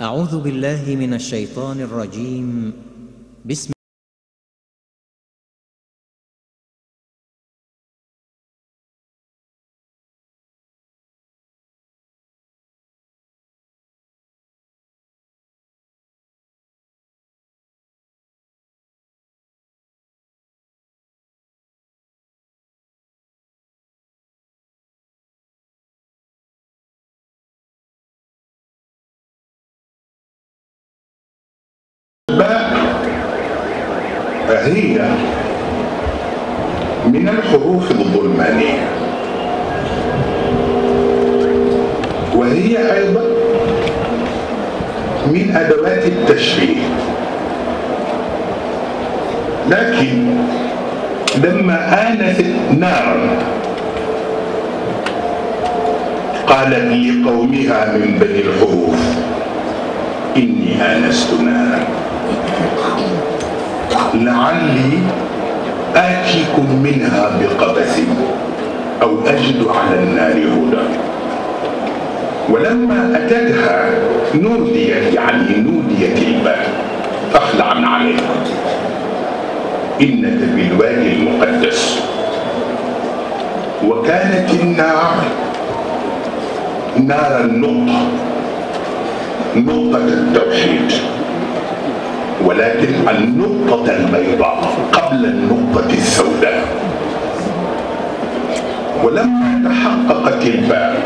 أعوذ بالله من الشيطان الرجيم بسم آتيكم منها بقبس أو أجد على النار هدى ولما أتتها نوديت يعني نوديت الباب فاخلع من عليك إنك بالوادي المقدس وكانت النار نار النقطة نقطة التوحيد ولكن النقطة البيضاء قبل النقطة السوداء ولما تحققت الباء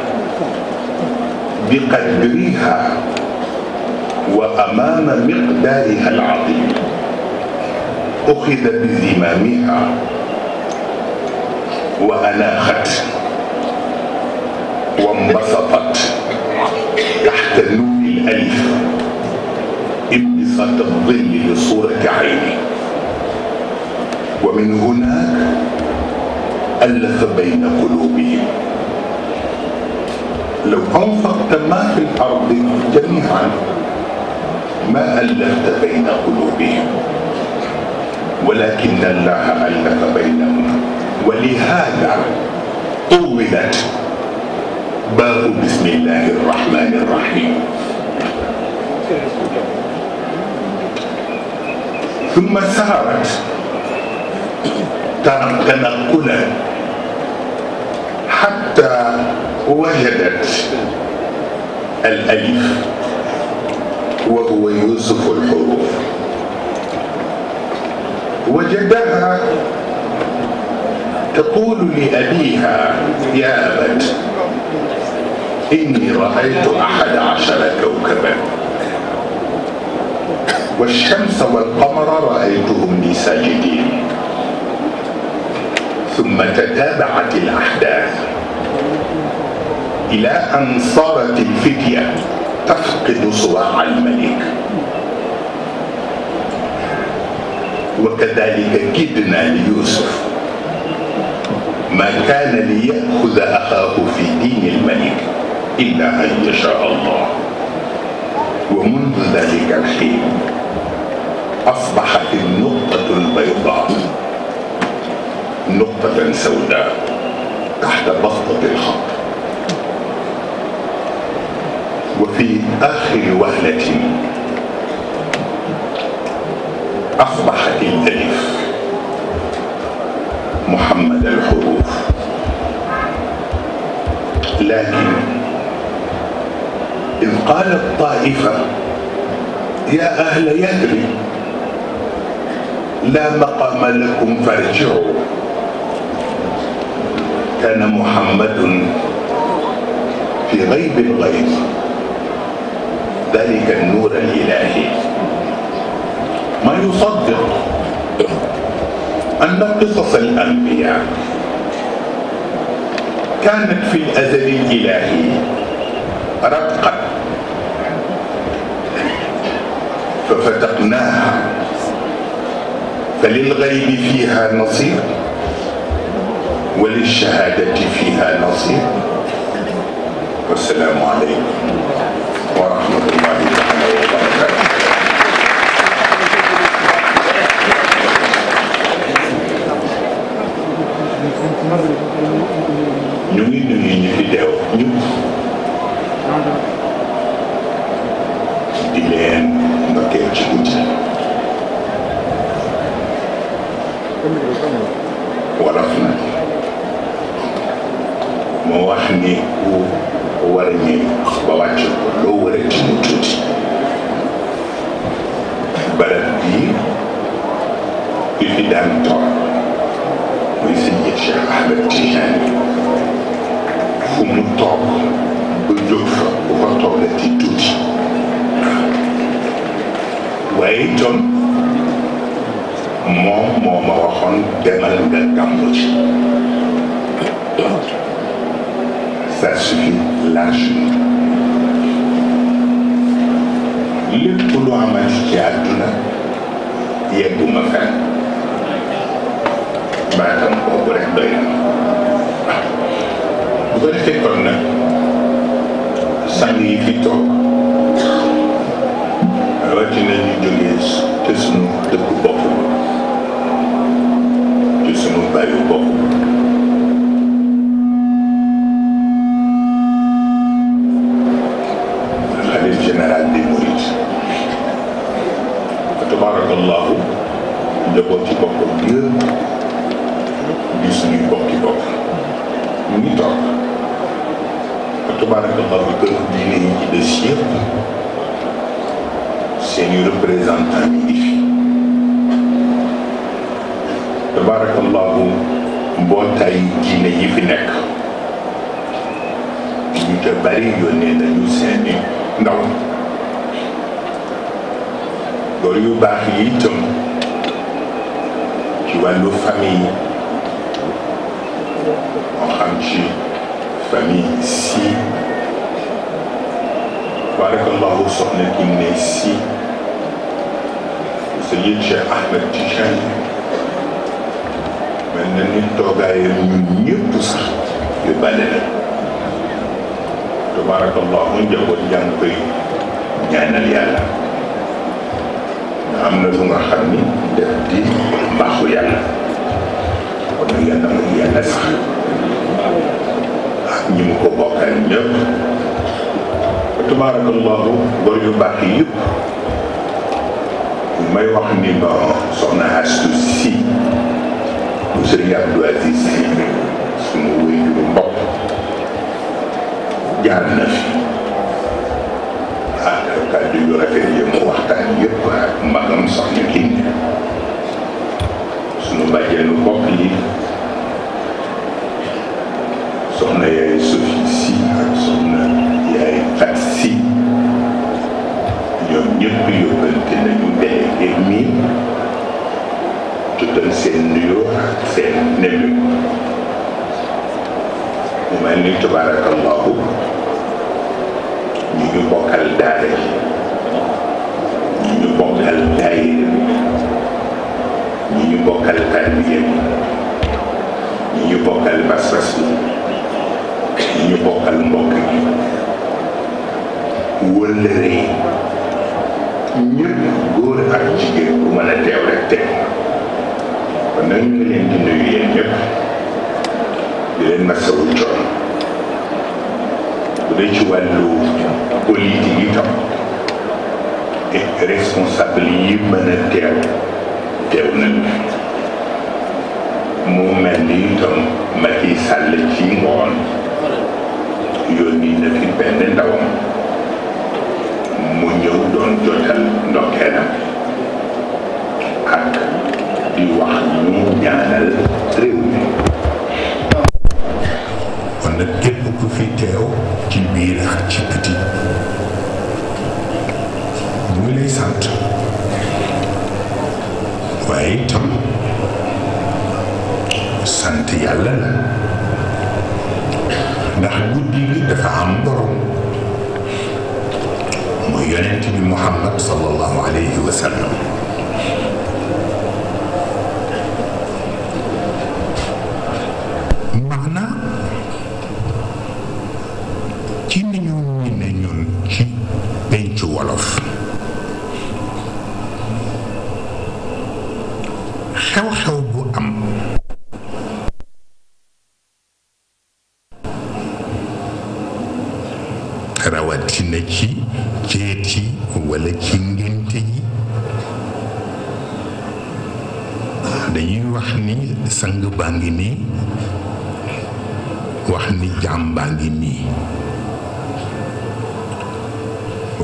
بقدرها وأمام مقدارها العظيم أخذ بزمامها وأناخت وانبسطت تحت نور الألف قد ظل لصورة عيني ومن هناك ألف بين قلوبهم لو أنفقت ما في الأرض جميعا ما ألفت بين قلوبهم ولكن الله ألف بينهم ولهذا طولت باء بسم الله الرحمن الرحيم ثم سارت تنقلا حتى وجدت الألف وهو يوسف الحروف وجدها تقول لأبيها يا أبت إني رأيت أحد عشر كوكبا والشمس والقمر رأيتهم لي ساجدين ثم تتابعت الأحداث إلى أن صارت الفتية تفقد صواع الملك وكذلك كدنا ليوسف ما كان ليأخذ أخاه في دين الملك إلا أن يشاء الله ومنذ ذلك الحين أصبحت النقطة البيضاء نقطة سوداء تحت بسطة الخط وفي آخر وهلة أصبحت الألف محمد الحروف لكن إذ قالت طائفة يا أهل يثرب laa maqaama lakum farjiu kaana muhammadun fi gaybi lgayb dalika nuur alilahi ma yusaddiq anna qisas alanbiya kaanat fi lazal alilahi rabqan fafataqnaaha فللغيب فيها نصيب وللشهادة فيها نصيب والسلام عليكم ورحمة الله تعالى وبركاته ñu ngi nuyu ñu fi teew ñëpp di leen ndokkeel ci guddi suñu large lépp lu amati ci àdduna yegguma fenn baatam boobu rek doy na bu ko defee kon nag sang yi fi toog la bokki bokk yëpp di suñuy bokki bokk ñu ngi toog tabaarakallahu kër diine yi ci des yëpp seeni représentant yi ngi fi tabaarakallahu mbootaay diine yi fi nekk ñu ca bari yónnee nañu seeni ndaw loolu yu baax yi itam wàllu famille moo xam ci famille si barakallahu soxna Kiné si Seyid Cheikh Ahmed Tidiane mel na ni toogaayam ñun ñëpp sax yu bale la tabarakallahu njaboot yaa ngi koy am na fu nga xam di baaxu yàlla kon nag yàlla na sax ak mu ko bokkal ñëpp tabaarakallaahu góor yu baax yi yëpp may wax ni ma soxna Astu Si bu sëriñ Abdou Aziz Si suñu wéy yu mbokk jaar na fi ah kàddu yu rafet yi waxtaan yëpp ak magam soxna Kiné sunu bàjjenu bopp yi soxna yaay Sophie si ak soxna yaay Fat si ñoom ñëpp yóbbante nañu délégué mi tuddal seen nuyoo ak seen nemi mu mel ni tabarakallahu ñu ngi bokkal daara bokkal daayira bi bokkal tarbiya bi bokkal pas-pas bokkal mbokk gi wëllëre yi ñëpp ak jigéen bu mën teew rek teg kon nag ngi nuyu yéen ñëpp di leen masawu coono bu dee ci wàllu yi tam responsable yi mën a teew teew nañu mu mel ni itam Macky Sall ci ngoon yónni na fi benn ndawam mu ñëw doon jotal ndokkeelam ak di wax ñu ñaanal réew mi kon nag képp ku fi teew ci biir ak ci biti sant waaye sant yàlla la ndax guddi gi dafa am borom muy yonent bi Muhammad sallallahu alayhi wa sallam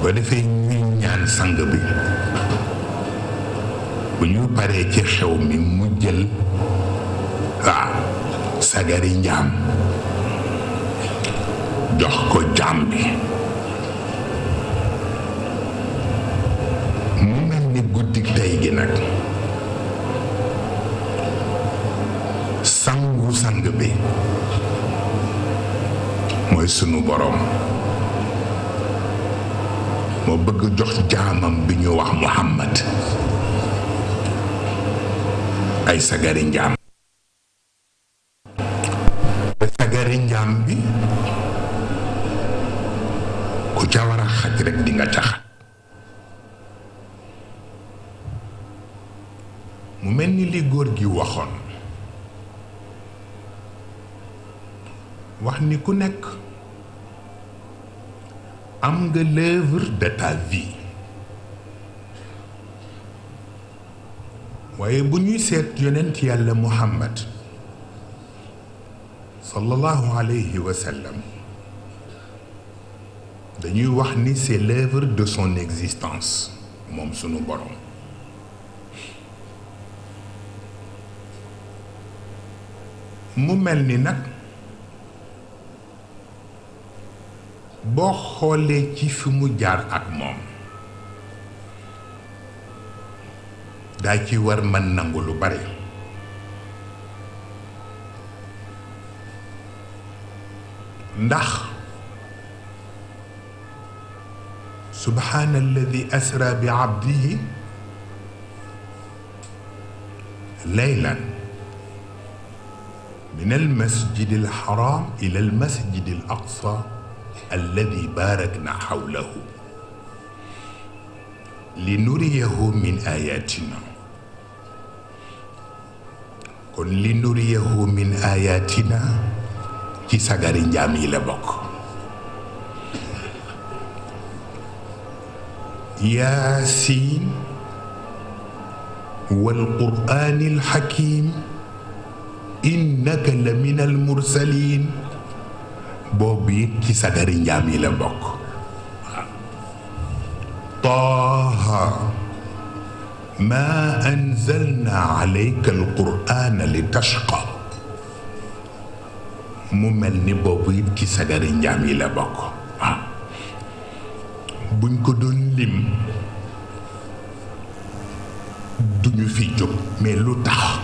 bu defee ñuy ñaan sang bi bu ñu paree ci xew mi mu jël waaw sagari njaam jox ko jaam bi mu mel ni guddi tey gi nag sangu sang bi mooy sunu boroom bëgg jox jaamam bi ñuy wax Muhammad ay sagari njaam bi ku ca war a xaj rek di nga mu mel ni li góor gi waxoon wax ni ku nekk am nga l'œuvre de ta waaye bu ñuy seet yonent yàlla muhammad sallallahu alayhi wa dañuy wax ni c'est l'œuvre de son existence moom sunu borom mu mel ni nag boo xoolee ci fi mu jaar ak moom daa ci war mën nangu lu bari ndax subhaana alladi asra bi abdihi laylan min almasjid alxaram ila almasjid alaqsa alladi baarakna xawlahu li nuriyahu min ayatina kon li nuriyahu min ayatina ci sagari njaam yi la bokk yaasiin walquraani alxakiim innaka la min almursaliin boobu it ci sagari njaam yi la bokk waaw taaha ma anzalna alayka alqurana li tashqa mu mel ni boobu it ci sagari njaam yi la bokk waaw buñ ko doon lim duñu fi jóg mais lu tax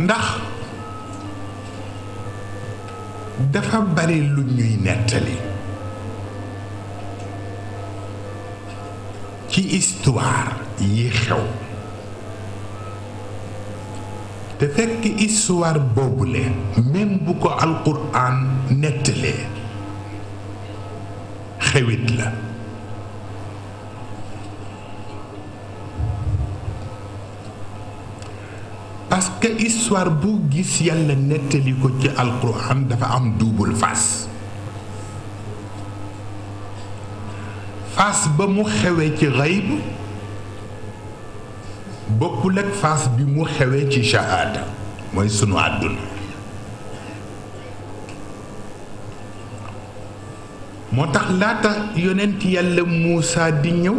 ndax dafa bari lu ñuy nettali ci histoire yi xew te fekk histoire boobule même bu ko alquran nettalee xewit la parce que histoire bu gis yàlla nettali ci alquran dafa am double fas face ba mu xewee ci xayb bokkul ak face bi mu xewee ci shahaada mooy sunu àdduna moo tax laata yonent yàlla Muusa di ñëw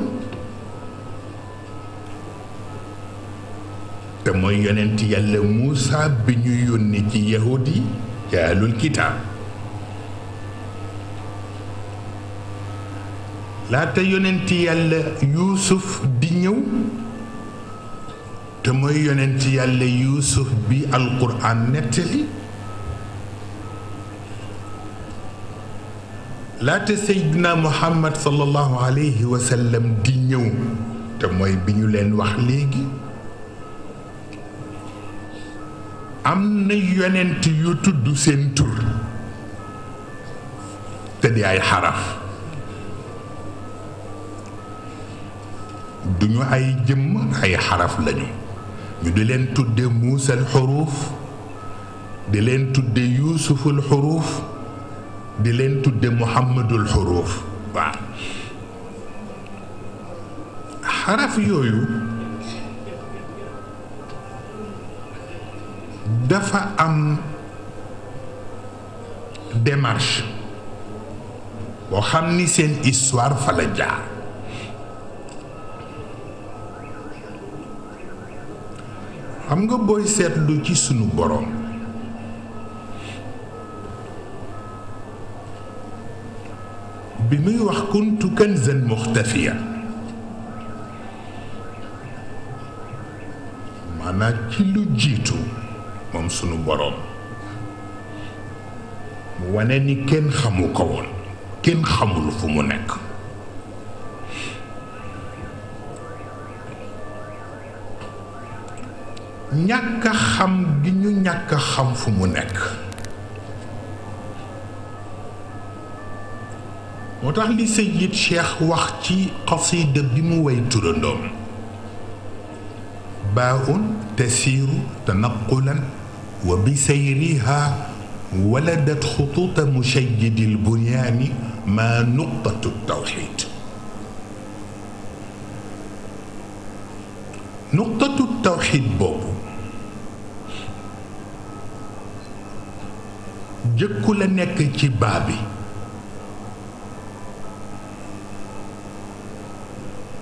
te mooy yonent yàlla Muusa bi ñu yónni ci yahud yi ca ahlul kitaab laata yonent yàlla yuusuf di ñëw te mooy yonent yàlla yuusuf bi alquran nettali laata seydina muhammad sallallahu alayhi wa sallam di ñëw te mooy bi ñu leen wax léegi am na yonent yu tudd seen tur te di ay xaraf duñu ay jëmm ay xaraf lañu ñu di leen tudde muusal xuruuf di leen tudde yuusuful xuruuf di leen tudde muhammadul xuruuf waaw xaraf yooyu dafa am démarche boo xam ni seen histoire fa la jaar xam nga booy seetlu ci sunu borom bi muy wax kuntu kanzan muxtafiya maanaam ci lu jiitu moom sunu boroom mu wane ni kenn xamu ko woon kenn xamul fu mu nekk ñàkk a xam gi ñu ñàkk xam fu mu nekk moo tax li Seyyid Cheikh wax ci xasida bi mu way turandoom baaun tasiiru tanaqulan wa bi sayriha waladat xutuuta mushayyidil bunyaani ma nuqtatu tawxiid nuqtatu tawxiid boobu jëkku la nekk ci baa bi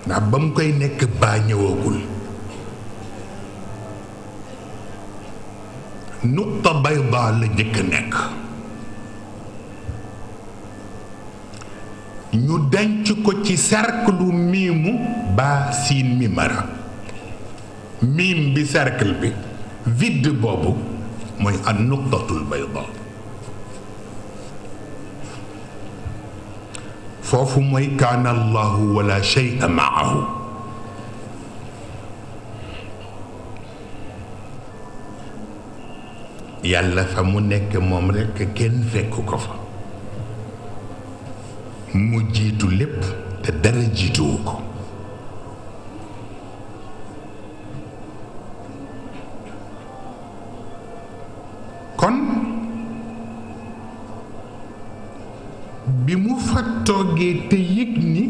ndax ba mu koy nekk baa ñëwagul nuqta bayda la njëkk nekk ñu denc ko ci cercle miimu baa siin mimara miim bi cercle bi vide boobu mooy ak nuqtatul bayda foofu mooy kaana allahu wala shay'a maahu yàlla fa mu nekk moom rekk kenn fekk ko fa mu jiitu lépp te dara jiituwu ko kon bi mu fa toogee te yëg ni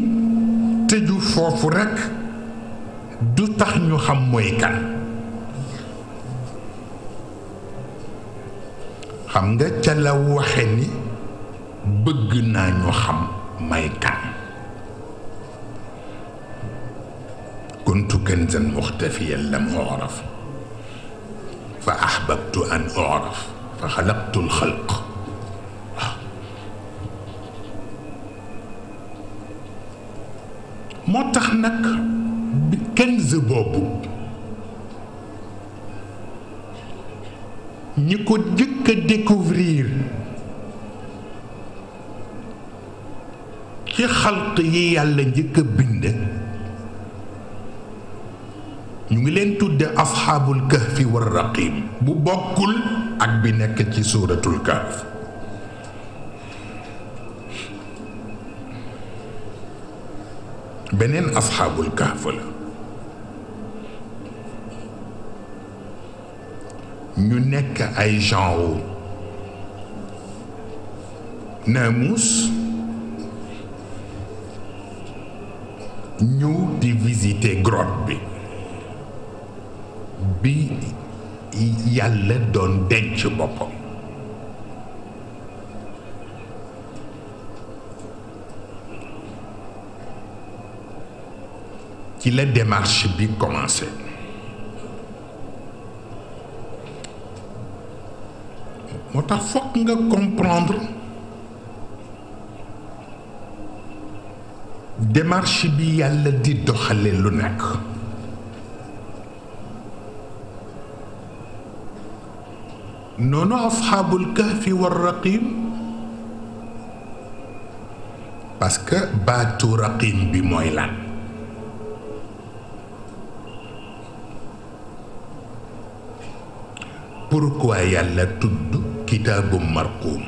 tëju foofu rekk du tax ñu xam mooy kan xam nga ca la waxe ni bëgg naa ñu xam may kan kuntu kanzan muxtafiyan lam uraf fa ahbabtu an uraf fa xalaqtu alxalq moo tax nag bi kanz boobu ñi ko jëkk que ci xalq yi yàlla njëkk a bind ñu ngi leen tudd asxaabul kahfi war raqib bu bokkul ak bi nekk ci suuratul kahf beneen asxaabul kahf la ñu nekk ay genre naamus ñu di visité grotte bi bi yàlla doon denc boppam ci la démarche bi commencé moo tax fokk nga comprendre démarche bi yàlla di doxale lu nekk noonu asxaabul kahfi war raqim parce baatu raqim bi mooy lan pourquoi yàlla tudd kitaabum marquum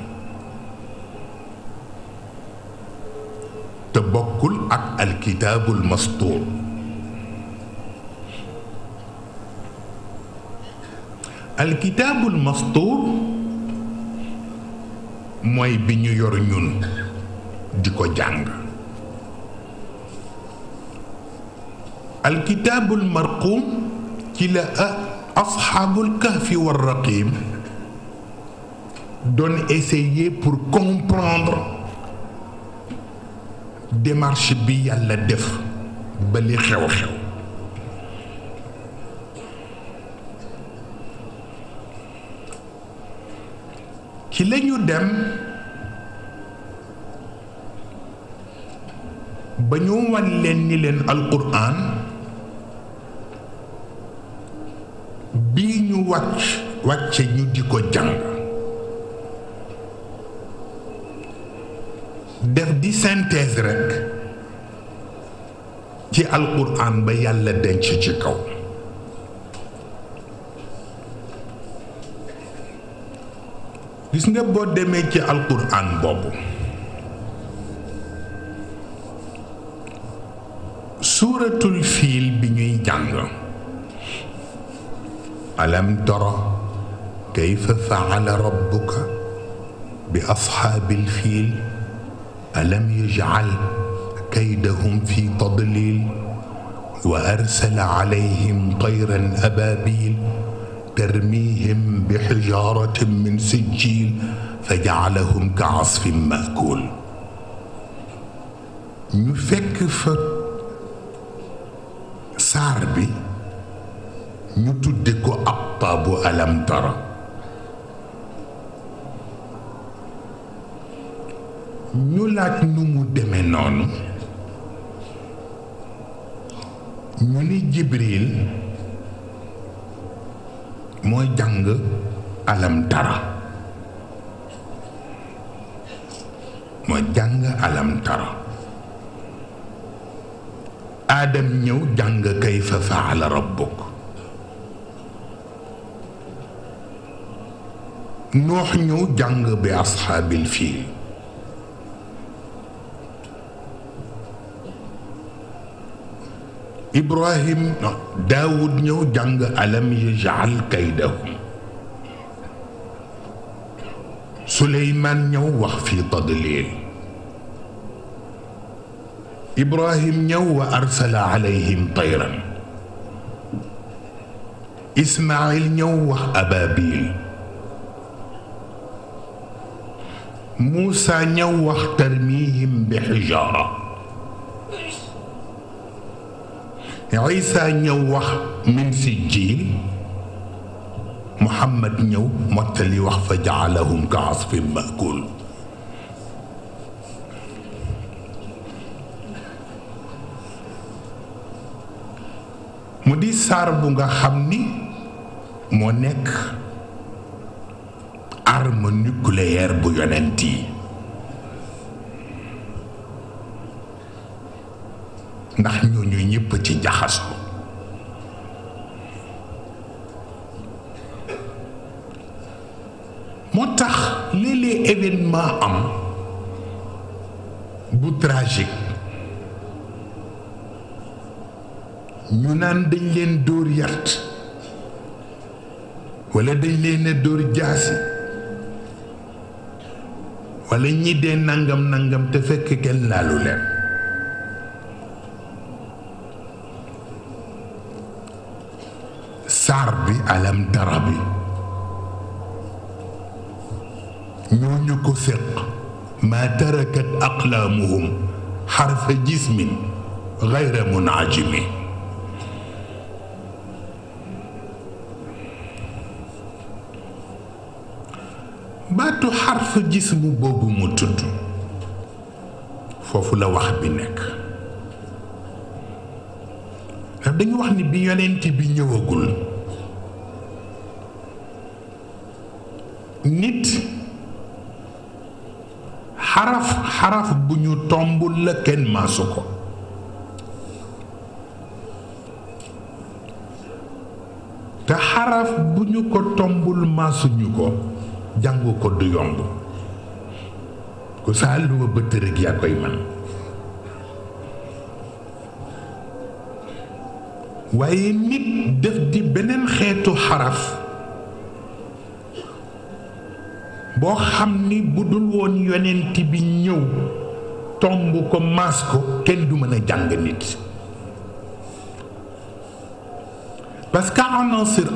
te bokkul ak alkitaabul mastuur alkitaabul mastuur mooy bi ñu yor ñun di ko jàng alkitaabul marquum ci la asxaabul kahfi war raqiim doon essayer pour comprendre démarche bi yàlla def ba li xew-xew ci la dem ba ñu wan leen ni leen alquran bii ñu wàcc wàcce ñu di ko jàng def di synthèse rekk ci alquran ba yàlla denc ci kaw gis nga boo demee ci alquran boobu suuratul fiil bi ñuy jàng alam toro kayfa faala rabbuka bi ashaabil fiil alam yajcal kaydahum fi tadlil wa arsala alayhim tayran ababil tarmihim bi xijaratin min sijil fa jacalahum ka asfin maakul ñu fekk fa saar bi ñu tudde ko ab taabu alam tara ñu laaj nu mu demee noonu ñu ni Jibril mooy jàng alam tara mooy jàng alamtara aadam ñëw jàng kayfa faala rabbuk noox ñëw jàng bi ashaabil fiil ibrahim daawud ñëw jàng alam yajal kaydahum suleymaan ñëw wax fi tadlil ibrahim ñëw wa arsala alayhim tayran ismail ñëw wax ababil muusa ñëw wax tarmihim bi xijaara isa ñëw wax min sijjiin muhammad ñëw mottali wax fa jaalahum ka asfin mu di saar bu nga xam ni moo nekk arme nucléaire bu yonent yi ndax ñooñu ñëpp ci jaxasoo moo tax léeg événement am bu tragique ñu naan dañ leen dóor yart wala dañ leen a dóor jaasi wala ñii dee nangam nangam te fekk kenn laalu leen saar bi alam tara bi ñooñu ko séq maa tarakat aqlaamuhum xarfa jismin gayra munaajimi baatu xarfa jismu boobu mu tudd foofu la wax bi nekk ndax dañu wax ni bi yonent bi ñëwagul nit xaraf xaraf bu ñu tomb la kenn maasu ko te xaraf bu ñu ko tombul maasuñu ko jàngu ko du yomb ku sa àlluwa bëtt rek yaa koy man waaye nit def di beneen xeetu xaraf boo xam ni bu dul woon yonent bi ñëw tongu ko maas ko kenn du mën a jàng nit parce que anasir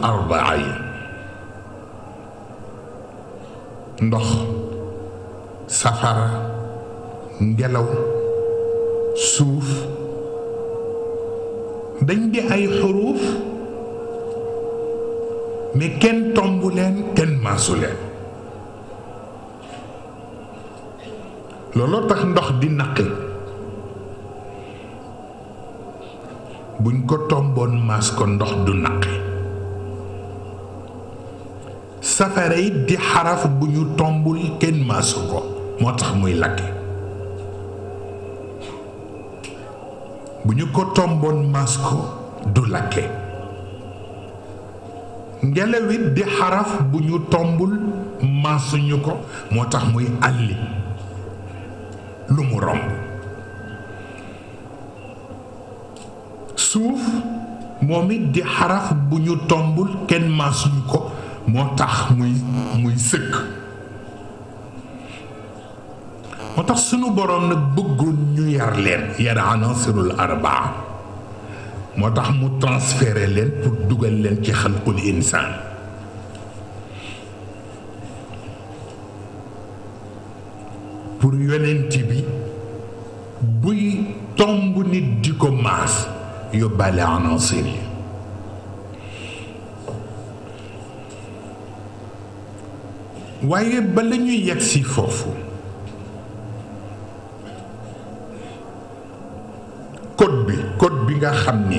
ndox safara ngelaw suuf dañ di ay xuruuf mais kenn tomb leen kenn maasu looloo tax ndox di naqi buñ ko tomboon maas ko ndox du naqi safara it di xaraf bu ñu tombul kenn maasu ko moo tax muy lakki bu ñu ko tomboon maas ko du lakke ngelaw it di xaraf bu ñu tombul maasuñu ko moo tax muy àlli lu mu romb suuf moom it di xaraf bu ñu tombul kenn maasuñu ko moo tax muy muy sëkk moo tax sunu boroom nag bëggoon ñu yar leen yar anaasirul arbaa moo tax mu transféré leen pour dugal leen ci xalqul insaan pour yonent bi buy tomb nit di ko maas yóbbaale annonceur yi waaye ba la ñuy yegg si foofu code bi code bi nga xam ni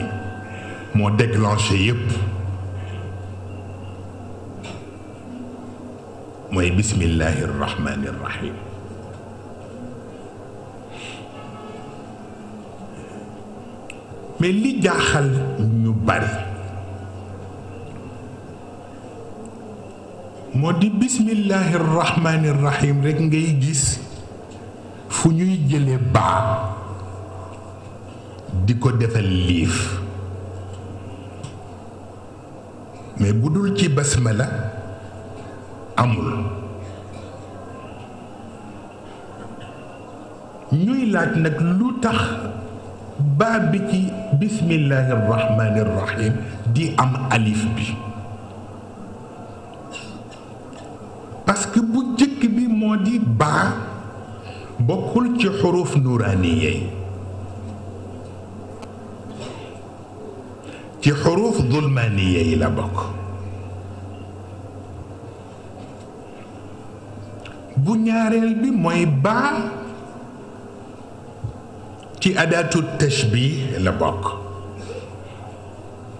moo déclenché yépp mooy bismillahi rahmani rahim mais li jaaxal ñu bari moo di bismillahi rahmaani rahim rekk ngay gis fu ñuy jële baa di ko defal liif mais bu dul ci la amul ñuy laaj nag lu tax baa bi ci bismillahi rahmani rahim di am alif bi parce bu jëkk bi moo di baa bokkul ci xuruf nuraaniye yi ci xuruf zulmaaniye la bokk bu ñaareel bi mooy baa ci adaatu tashbih la bokk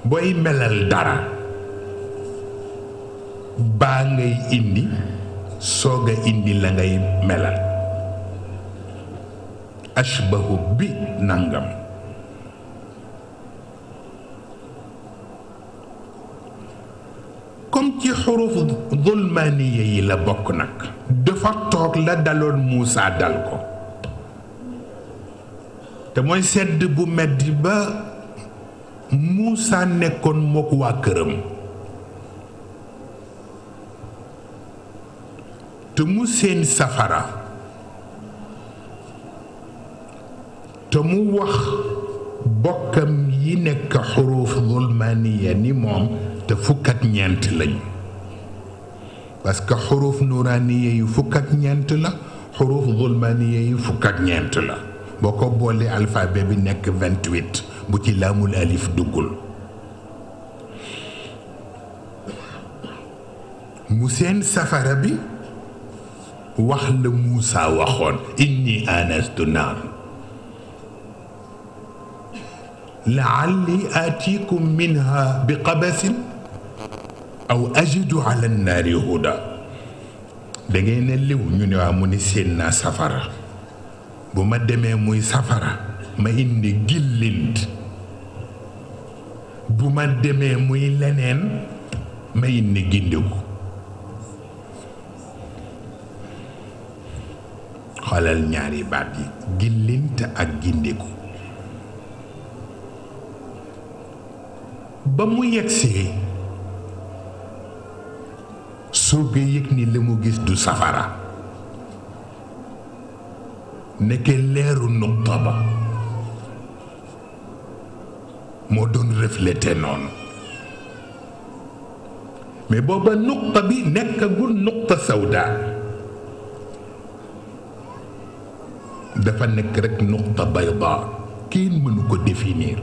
booy melal dara baa ngay indi soog a indi la ngay melal ashbahu bi nangam comme ci xuruf zulmaaniya yi la bokk nag dafa toog la daloon Muusa dal ko te mooy sedd bu metti ba Moussa nekkoon mook waa këram te mu seen safara te mu wax bokkam yi nekk xuruuf zulmaaniya ni moom te fukk ñeent lañu parce que xuruuf nuraaniya yi fukk ak ñeent la xuruuf zulmaaniya yi fukk ak ñeent la boo ko boolee alphabet bi nekk vingt-huit bu ci laamul alif duggul mu seen safara bi wax la Muusa waxoon inni anastu naar laalli aatikum minha bi qabasin aw ajidu ala nnaari huda da ne liw ñu ne waa mu ne seen safara bu ma demee muy safara ma indi gillint bu ma demee muy leneen ma indi gindiku xoolal ñaari baat yi gillint ak gindiku ba mu yegsee surga yëg ni li mu gis du safara nekkee leeru nuqa ba moo doon reflété noonu mais booba nuqa bi nekkagul nuqa sawda dafa nekk rek nuqa bayda kenn mënu ko définir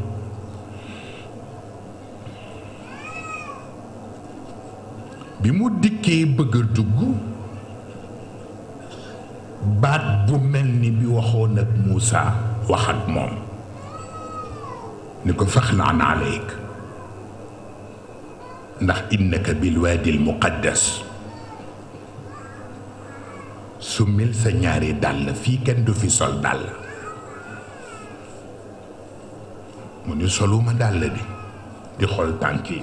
bi mu dikkee bëgg dugg baat bu mel ni bi waxoon ak Moussa wax ak moom ni ko faxlaan aleyk ndax innaka bilwaadi almuqaddas su mil sa ñaari dàll fii kenn du fi sol dàll mu ni soluma dàll bi di xool tànk yi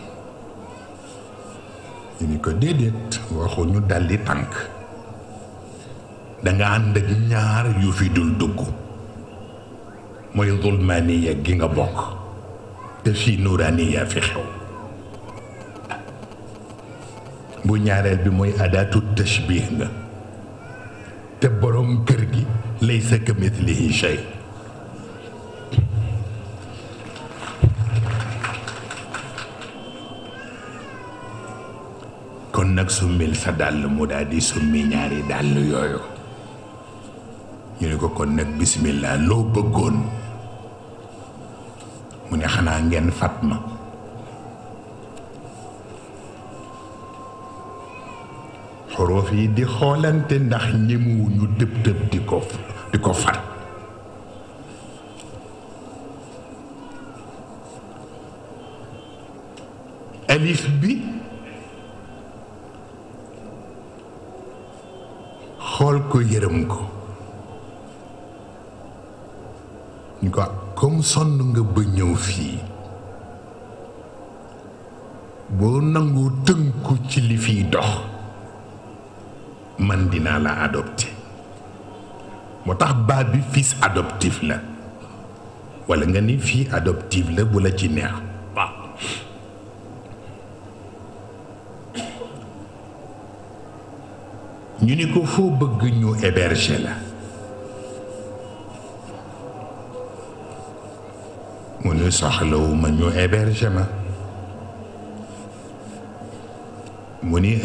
ñu ni ko déedéet waxuñu dàlli tànk danga ànd ak ñaar yu fi dul dugg mooy zulmaaniya gi nga bokk te fii nuuraaniya fi xew bu ñaareel bi mooy adaatu tashbih nga te borom kër gi laysa ka mithlihi kon nag summil sa dàll mu daldi di summi ñaari dàll yooyu ñu ne ko kon nag bismillah loo bëggoon mu ne xanaa ngeen fat ma xuruf yi di xoolante ndax ñemewuñu dëb dëb di ko di ko fat alif bi xool ko yërëm ko ñu ko comme sonn nga ba ñëw fii boo nangu tënku ci li fiy dox man dinaa la adopté moo tax baat bi fils adoptif la walla nga ni fii adoptif la bu la ci neex waaw ñu ni ko foo bëgg ñu héberger la soxlawuma ñu héberge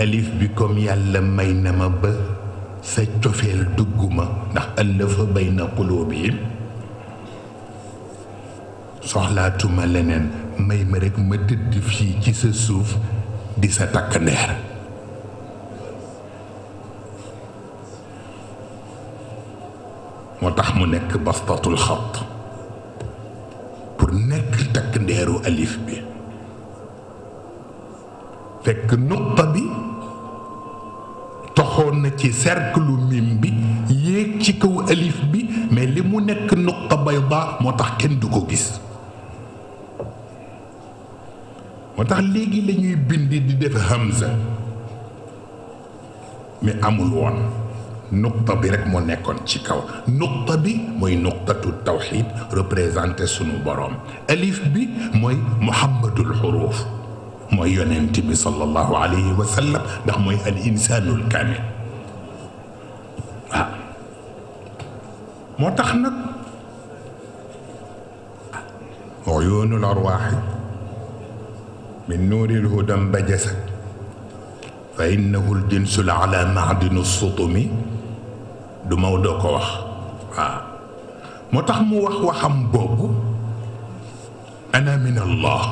alif bi comme yàlla may na ma ba sa dugguma ndax allafa bayna quluubihim soxlaatuma leneen may ma fii ci sa suuf di sa takk ndeer moo tax mu nekk bastatul xat ndeeru alif bi fekk nuqta bi toxoon na ci cercle mim bi yéeg ci kaw alif bi mais li mu nekk nuqta bayda moo tax kenn du ko gis moo tax léegi la bind di def hamza mais amul woon nuqta bi rek moo nekkoon ci kaw nuqta bi mooy nuqtatu tawxid représenté sunu boroom alif bi mooy muhammadul xuruuf mooy yonent bi sallallahu alayhi wa sallam ndax mooy al insaanul kaamil waaw ah. moo tax nag uyuunul arwaaxi min nuuril hudam bajasat fa innahu al jinsul ala maadinu sutumi du doo ko wax waaw moo tax mu wax waxam boobu ana min allah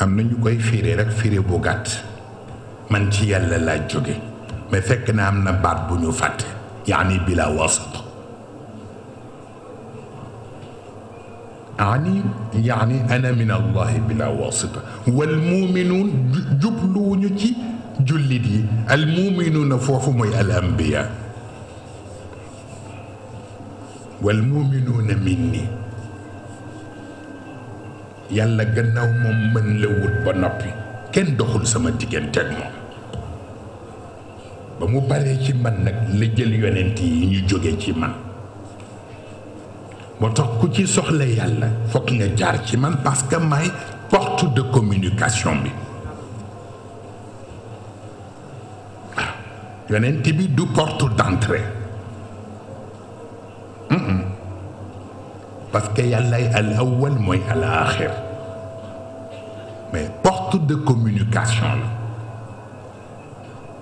am na ñu koy fiire rek fiire bu gàtt man ci yàlla laa jóge mais fekk na am na baat bu ñu fàtte yaani bila wasat ani yaani ana min allahi bila wasita wal muminuun jubluwuñu ci jullit yi al muminuuna foofu mooy al ambiya wal muminuuna minni yàlla gannaaw moom mën la wut ba noppi kenn doxul sama digganteeg moom ba mu baree ci man nag la jël yonent yi ñu jóge ci man moo tax ku ci soxla yàlla foog nga jaar ci man parce que may porte de communication bi waaw ah, yonent bi du porte d'entrée parce que yàllay al awal mooy al axir mais porte de communication la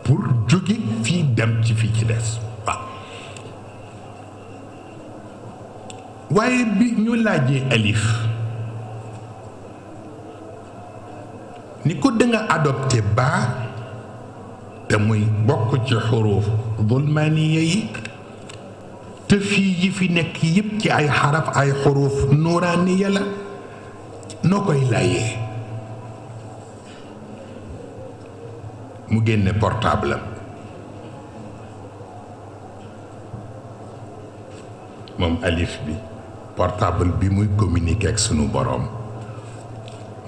pour jóge fii dem ci fii ci des waaye bi ñu laajee alif ni ko danga adopté baa te muy bokk ci xuruuf dulmaaniya yi te yi fi nekk yépp ci ay xaraf ay xuruuf nuuraaniya la noo koy laayee mu génne portable moom alif bi portable bi muy communiquer ak sunu boroom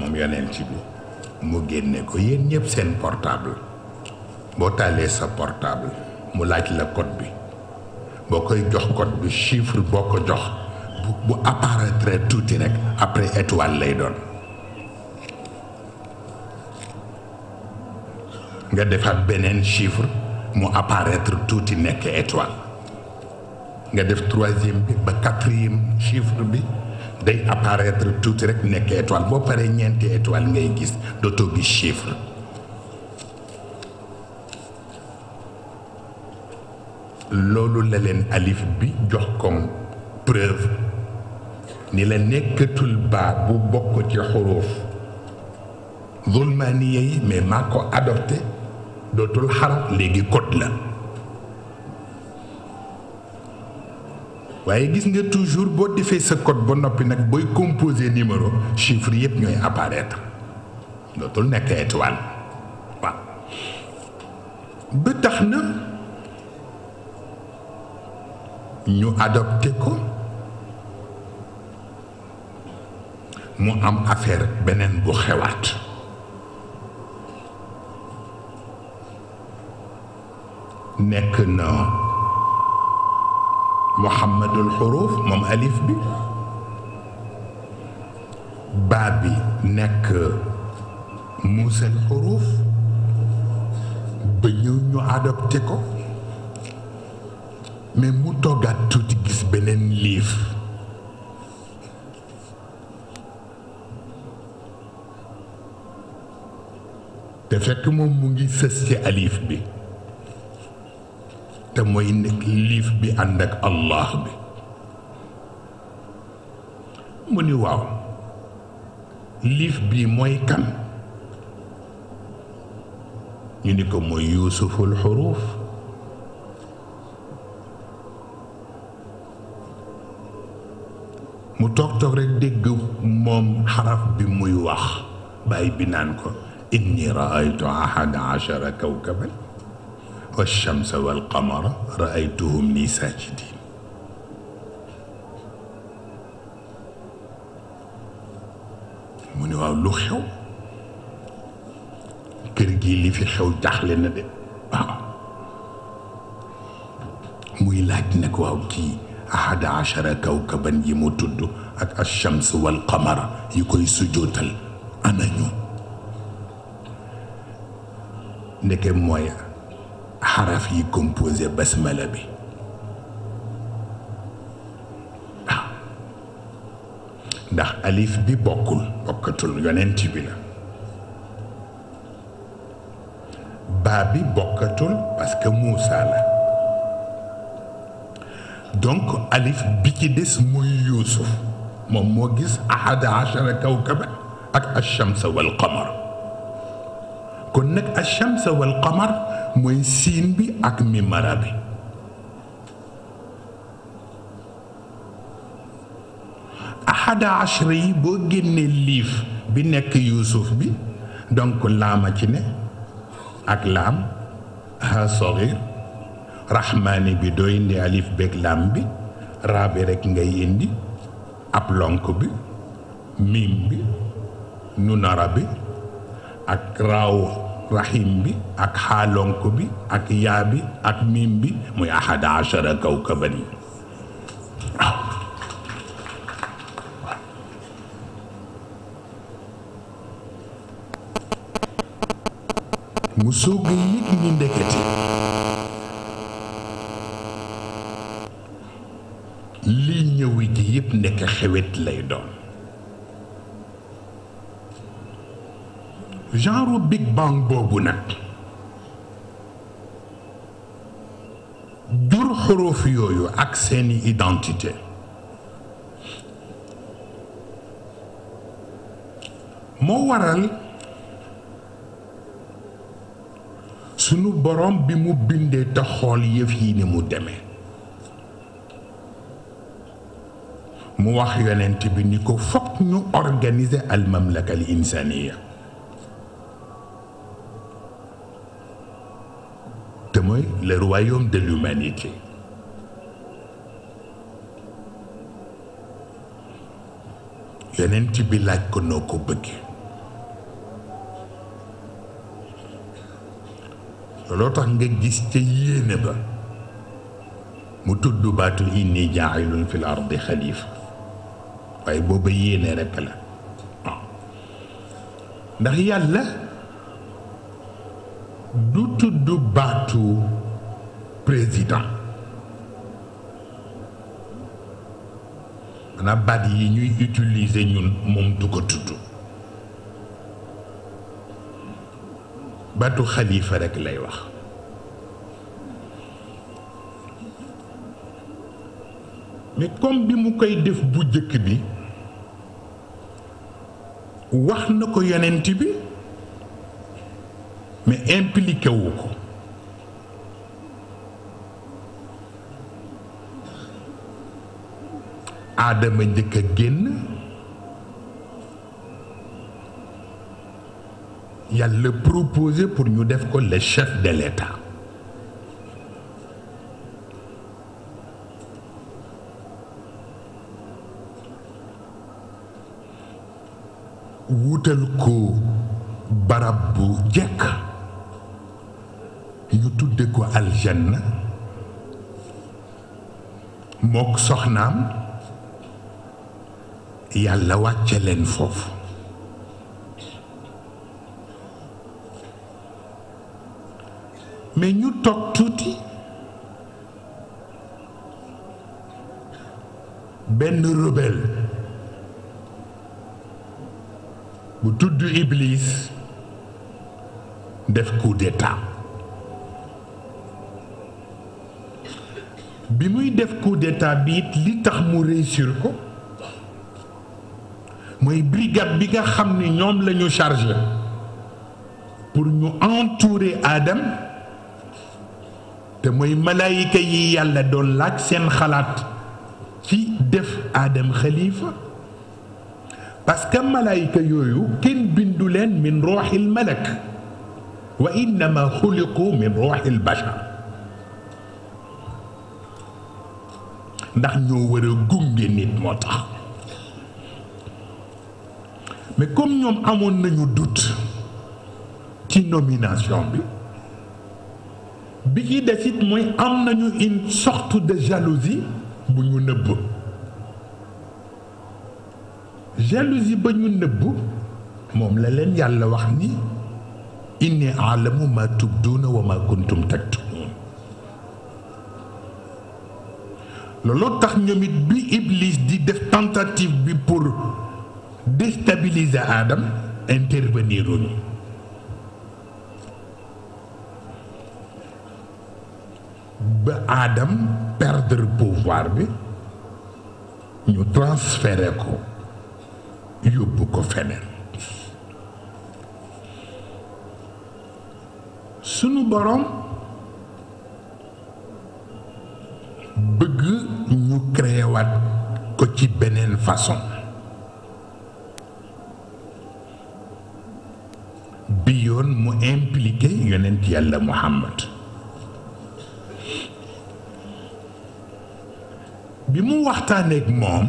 moom yonent bi mu génne ko yéen ñëpp seen portable boo taalee sa portable mu laaj la code bi boo koy jox code bi chiffre boo ko jox bu bu apparaître tuuti rek après étoile lay doon nga defaat beneen chiffre mu apparaître tuuti nekk étoile nga def troisième bi ba quatrième chiffre bi day apparaître tuuti rek nekk étoile boo paree ñeenti étoile ngay gis dootoo gis chiffre loolu la leen alif bi jox comme preuve ni la nekkatul baa bu bokk ci xuruuf zulmaaniye yi mais maa ko adopté dootul xaraf léegi code la waaye gis nga toujours boo defee sa code ba noppi nag booy composé numéro chiffre yëpp ñooy apparaître dootul nekk étoile ba tax na ñu adopté ko mu am affaire beneen bu xewaat nekk na muhammadul xuruuf moom alif bi baa bi nekk muusal xuruuf ba ñëw ñu adopté ko mais mu toggaat tuuti gis beneen liif te fekk moom mu ngi sës ci alif bi te mooy nekk liif bi ànd ak allah bi mu ni waaw liif bi mooy kan ñu ni ko mooy yuusuful xuruuf mu toog toog rekk dégg moom xaraf bi muy wax bàyyi bi naan ko inni raaytu ahada achara kawkaban والشمس والقمر رأيتهم لي ساجدين mu ne waaw lu xew kër gi li fi xew jaaxle na de waaw ah. muy laaj nag waaw kii ahada achara kawkaban yi mu tudd ak alchams wal qamara yi koy sujootal anañu ndeke mooy xaraf yi composé basmala bi ndax alif bi bokkul bokkatul yonent bi la baa bokkatul parce que Moussa la donc alif bi ci des muy Yuusuf moom moo gis ahada achara kawkaba ak alchamsa walqamar kon nag alchamsa walqamar mooy siin bi ak mimara bi ahada ashra yi boo génnee liif bi nekk yuusuf bi donc laama ci ne ak laam ha soxir rahmaani bi doo indi alif beeg laam bi raabi rekk ngay indi ab lonk bi miim bi nunara bi ak raaw rahim bi ak xalonk bi ak yaa bi ak miim bi muy ahada achara kawkaban yi mu soog a nit ñi ndekete lii ñëwi ji yëpp nekk xewet lay doon genre big bang boobu nag jur xuruf yooyu ak seeni identité moo waral sunu borom bi mu bindee te xool yëf yi ni mu demee mu wax yonent bi ni ko fokk ñu organiser al mamlaka al insaniya le royaume de l'humanité. yonent bi laaj ko noo ko bëgge looloo tax nga gis ca yéene ba mu tudd baatu inni jaailun fil ardi xalifa waaye booba yéene rekk la ah. ndax yàlla du tudd baatu président maanaam baat yi ñuy utiliser ñun moom du ko tudd baatu xalifa rekk lay wax mais comme bi mu koy def bu jëkk bi wax na ko yonent bi mais impliqué wu ko aadama njëkk a génn yàlla propose pour ñu def ko le chef de wutal ko barab bu jekk ñu tudde ko aljanna mook soxnaam yàlla wàcce leen foofu mais ñu toog tuuti benn rebelle bu tudd ibliis def coup d'état bi muy def coup d'état li tax mu réussir ko mooy brigade bi nga xam ne ñoom lañu charge pour ñu entourer Adam te mooy malaayika yi yàlla doon laaj seen xalaat ci def Adam xalifa parce que malaayika yooyu kenn bindu leen min ruuxil malak wa innama xuliqu min ruuxil bachar ndax ñoo war a gunge nit moo tax mais comme ñoom amoon nañu doute ci nomination bi bi ci it mooy am nañu une sorte de jalousie bu ñu nëbb jalousie ba ñu nëbb moom la leen yàlla wax ni ine alamu ma tubduuna wa ma kuntum taktumun looloo tax ñoom bi Iblis di def tentative bi pour déstabiliser Adam intervenir uñu ba Adam perdre pouvoir bi ñu transféré ko yóbbu ko feneen sunu borom bëgg ñu créewat ko ci beneen façon bi yoon mu impliqué yonent yàlla Muhammad bi mu waxtaaneeg moom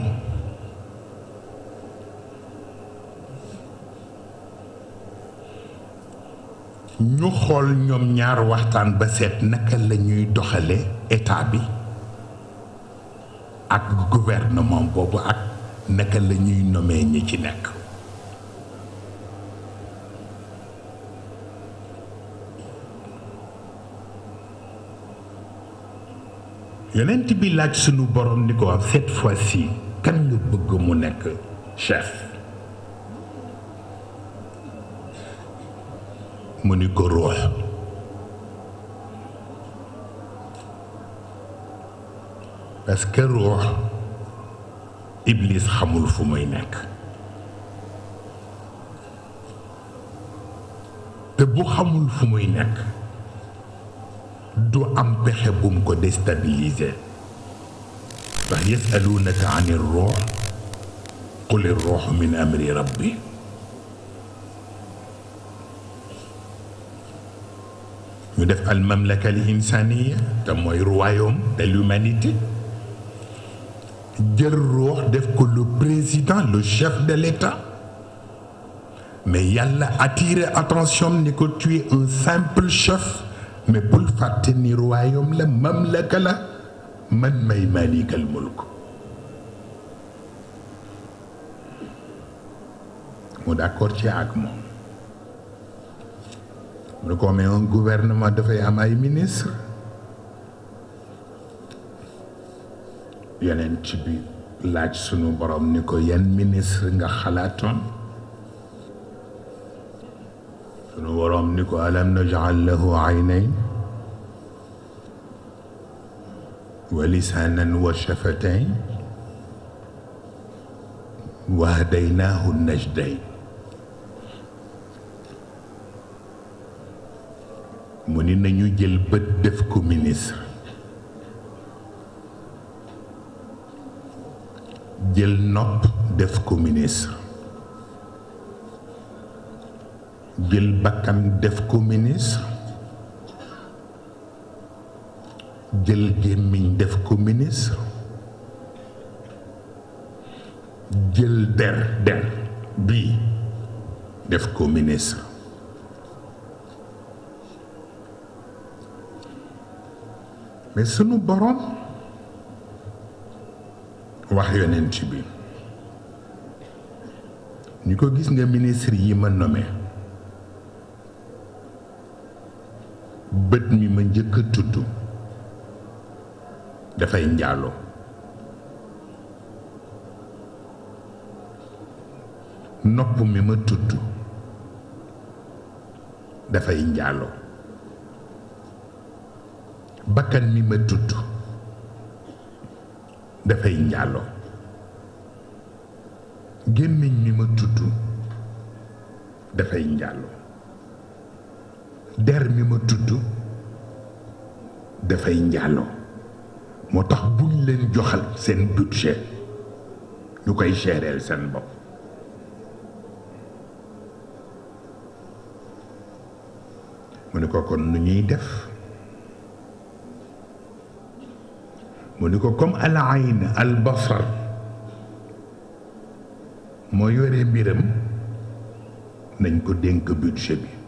ñu xool ñoom ñaar waxtaan ba seet naka la ñuy doxale etaa bi ak gouvernement boobu ak naka la ñuy nomee ñi ci nekk yonent bi laaj sunu boroom ni ko wax cette fois-ci kan nga bëgg mu nekk chef mu ni ko ruux parce ruux iblis xamul fu muy nekk te bu xamul fu muy nekk du am pexe bum ko déstabiliser ndax yasalunaka an ir ruux qul min amri rabbi ñu def al mamlaka al royaume de l'humanité jël ruux def ko le président le chef de l'État mais yàlla attire attention ni ko tu es un simple chef mais bul fàtte ni royaume la mamlaka la man may malikal mulk mu d'accord ci ak moom mu ne ko mais un dafay am ay ministre yeneen ci bi laaj sunu boroom ni ko yan ministre nga xalaatoon sunu woroom ni ko alam najal lahu aynayn wa lisaanan wa shafatayn wa hadaynaahu najdayn mu ni nañu jël bët def ko ministre jël nopp def ko ministre jël bakkan def ko ministre jël gémmiñ def ko ministre jël der der bii def ko ministre mais sunu borom wax yonent bi ñu ko gis nga ministre yi ma nommé bët mi ma njëkk a tudd dafay njaaloo nopp mi ma tudd dafay njaaloo bakkan mi ma tudd dafay njaaloo gémmiñ mi ma tudd dafay njaaloo der mi ma tudd dafay njaaloo moo tax buñ leen joxal seen budget ñu koy géreel seen bopp mu ni ko kon nu ñuy def mu ni ko comme al ayn al basar moo yore biram nañ ko dénk budget bi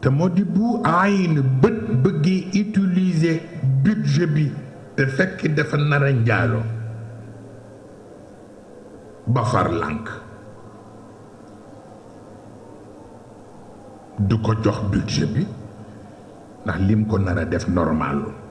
te moo di bu ayin bët bëggee utiliser budget bi te fekk dafa nara a njaaloo ba far lànk du ko jox budget bi ndax lim ko nar a def normalu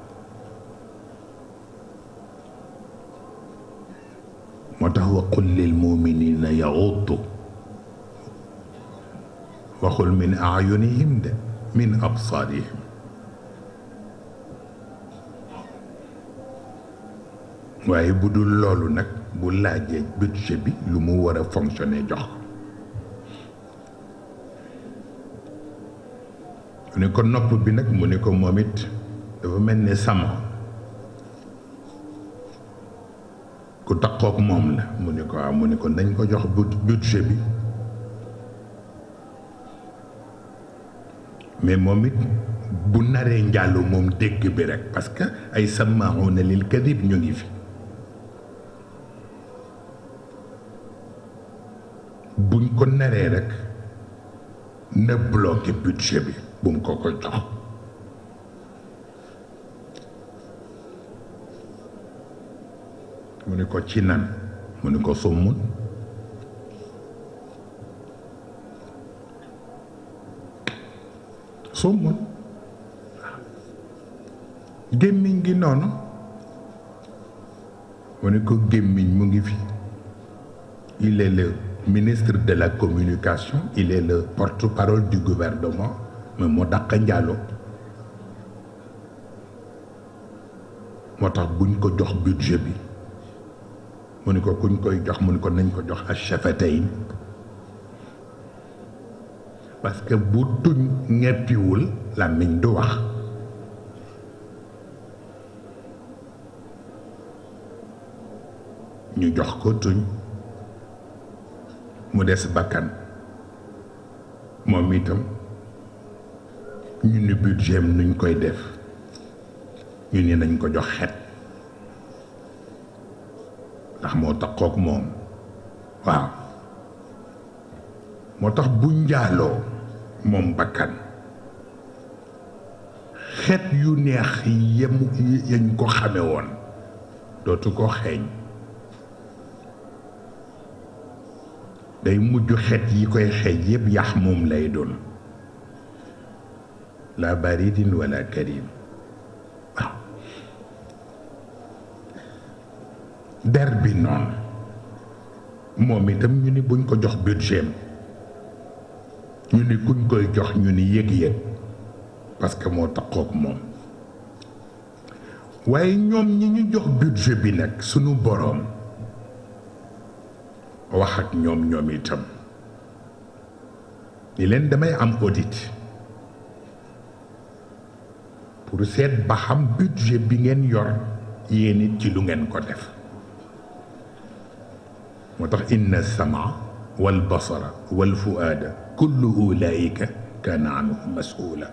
waxul min ayunihim de min absaarihim waaye bu dul loolu nag bu laajee budget bi lu mu war a fonctionner jox mu ne ko nopp bi nag mu ne ko moom it dafa mel ni sama ku takkook moom la mu ne ko waaw ah, mu ne ko nañ ko jox budget bi mais moom it bu naree njàllu moom dégg bi rek parce que ay sammahuuna lil kadib ñu ngi fi buñ ko naree rek na bloqué budget bi bu mu ko ko jox mu ni ko ci nan mu ne ko summun summun gémmiñ ngi noonu mu ne ko gémmiñ mu ngi fii il est ministre de la communication il est le porte-parole du gouvernement mais moo dàq njaaloo moo tax buñ ko jox budget bi mu ne ko kuñ koy jox mu ne ko nañ ko jox ak chafetayn parce que bu tuñ ñeppiwul làmmiñ du wax ñu jox ko tuñ mu des bakkan moom itam ñu ni budget nuñ koy def ñu ni nañ ko jox xet ndax moo takkook moom waaw moo tax bu njaaloo moom bakkan xet yu neex yem yañ ko xamewoon dootu ko xeeñ day mujj xet yi koy xeeñ yépp yax moom lay doon la baridin wala karim der bi noonu moom itam ñu ni buñ ko jox budget ñu ni kuñ koy jox ñu ni yëg-yëg parce que moo taxoog moom waaye ñoom ñi ñu jox budget bi nag suñu boroom wax ak ñoom ñoom itam ni leen damay am audit pour seet ba xam budget bi ngeen yor yéen it ci lu ngeen ko def moo tax indi inna sama walbasara walfuaada kullu ulaika kaana anhu masula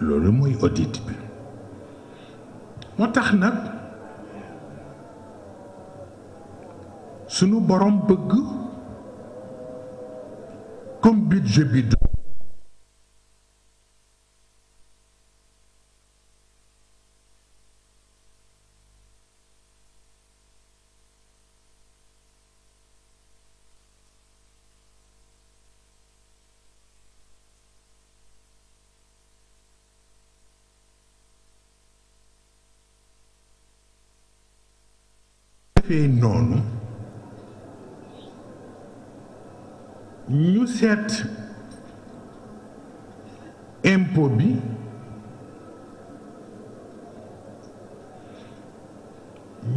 loolu mooy audit bi moo tax nag sunu borom bëgg comme budget bi defee noonu ñu seet impôt bi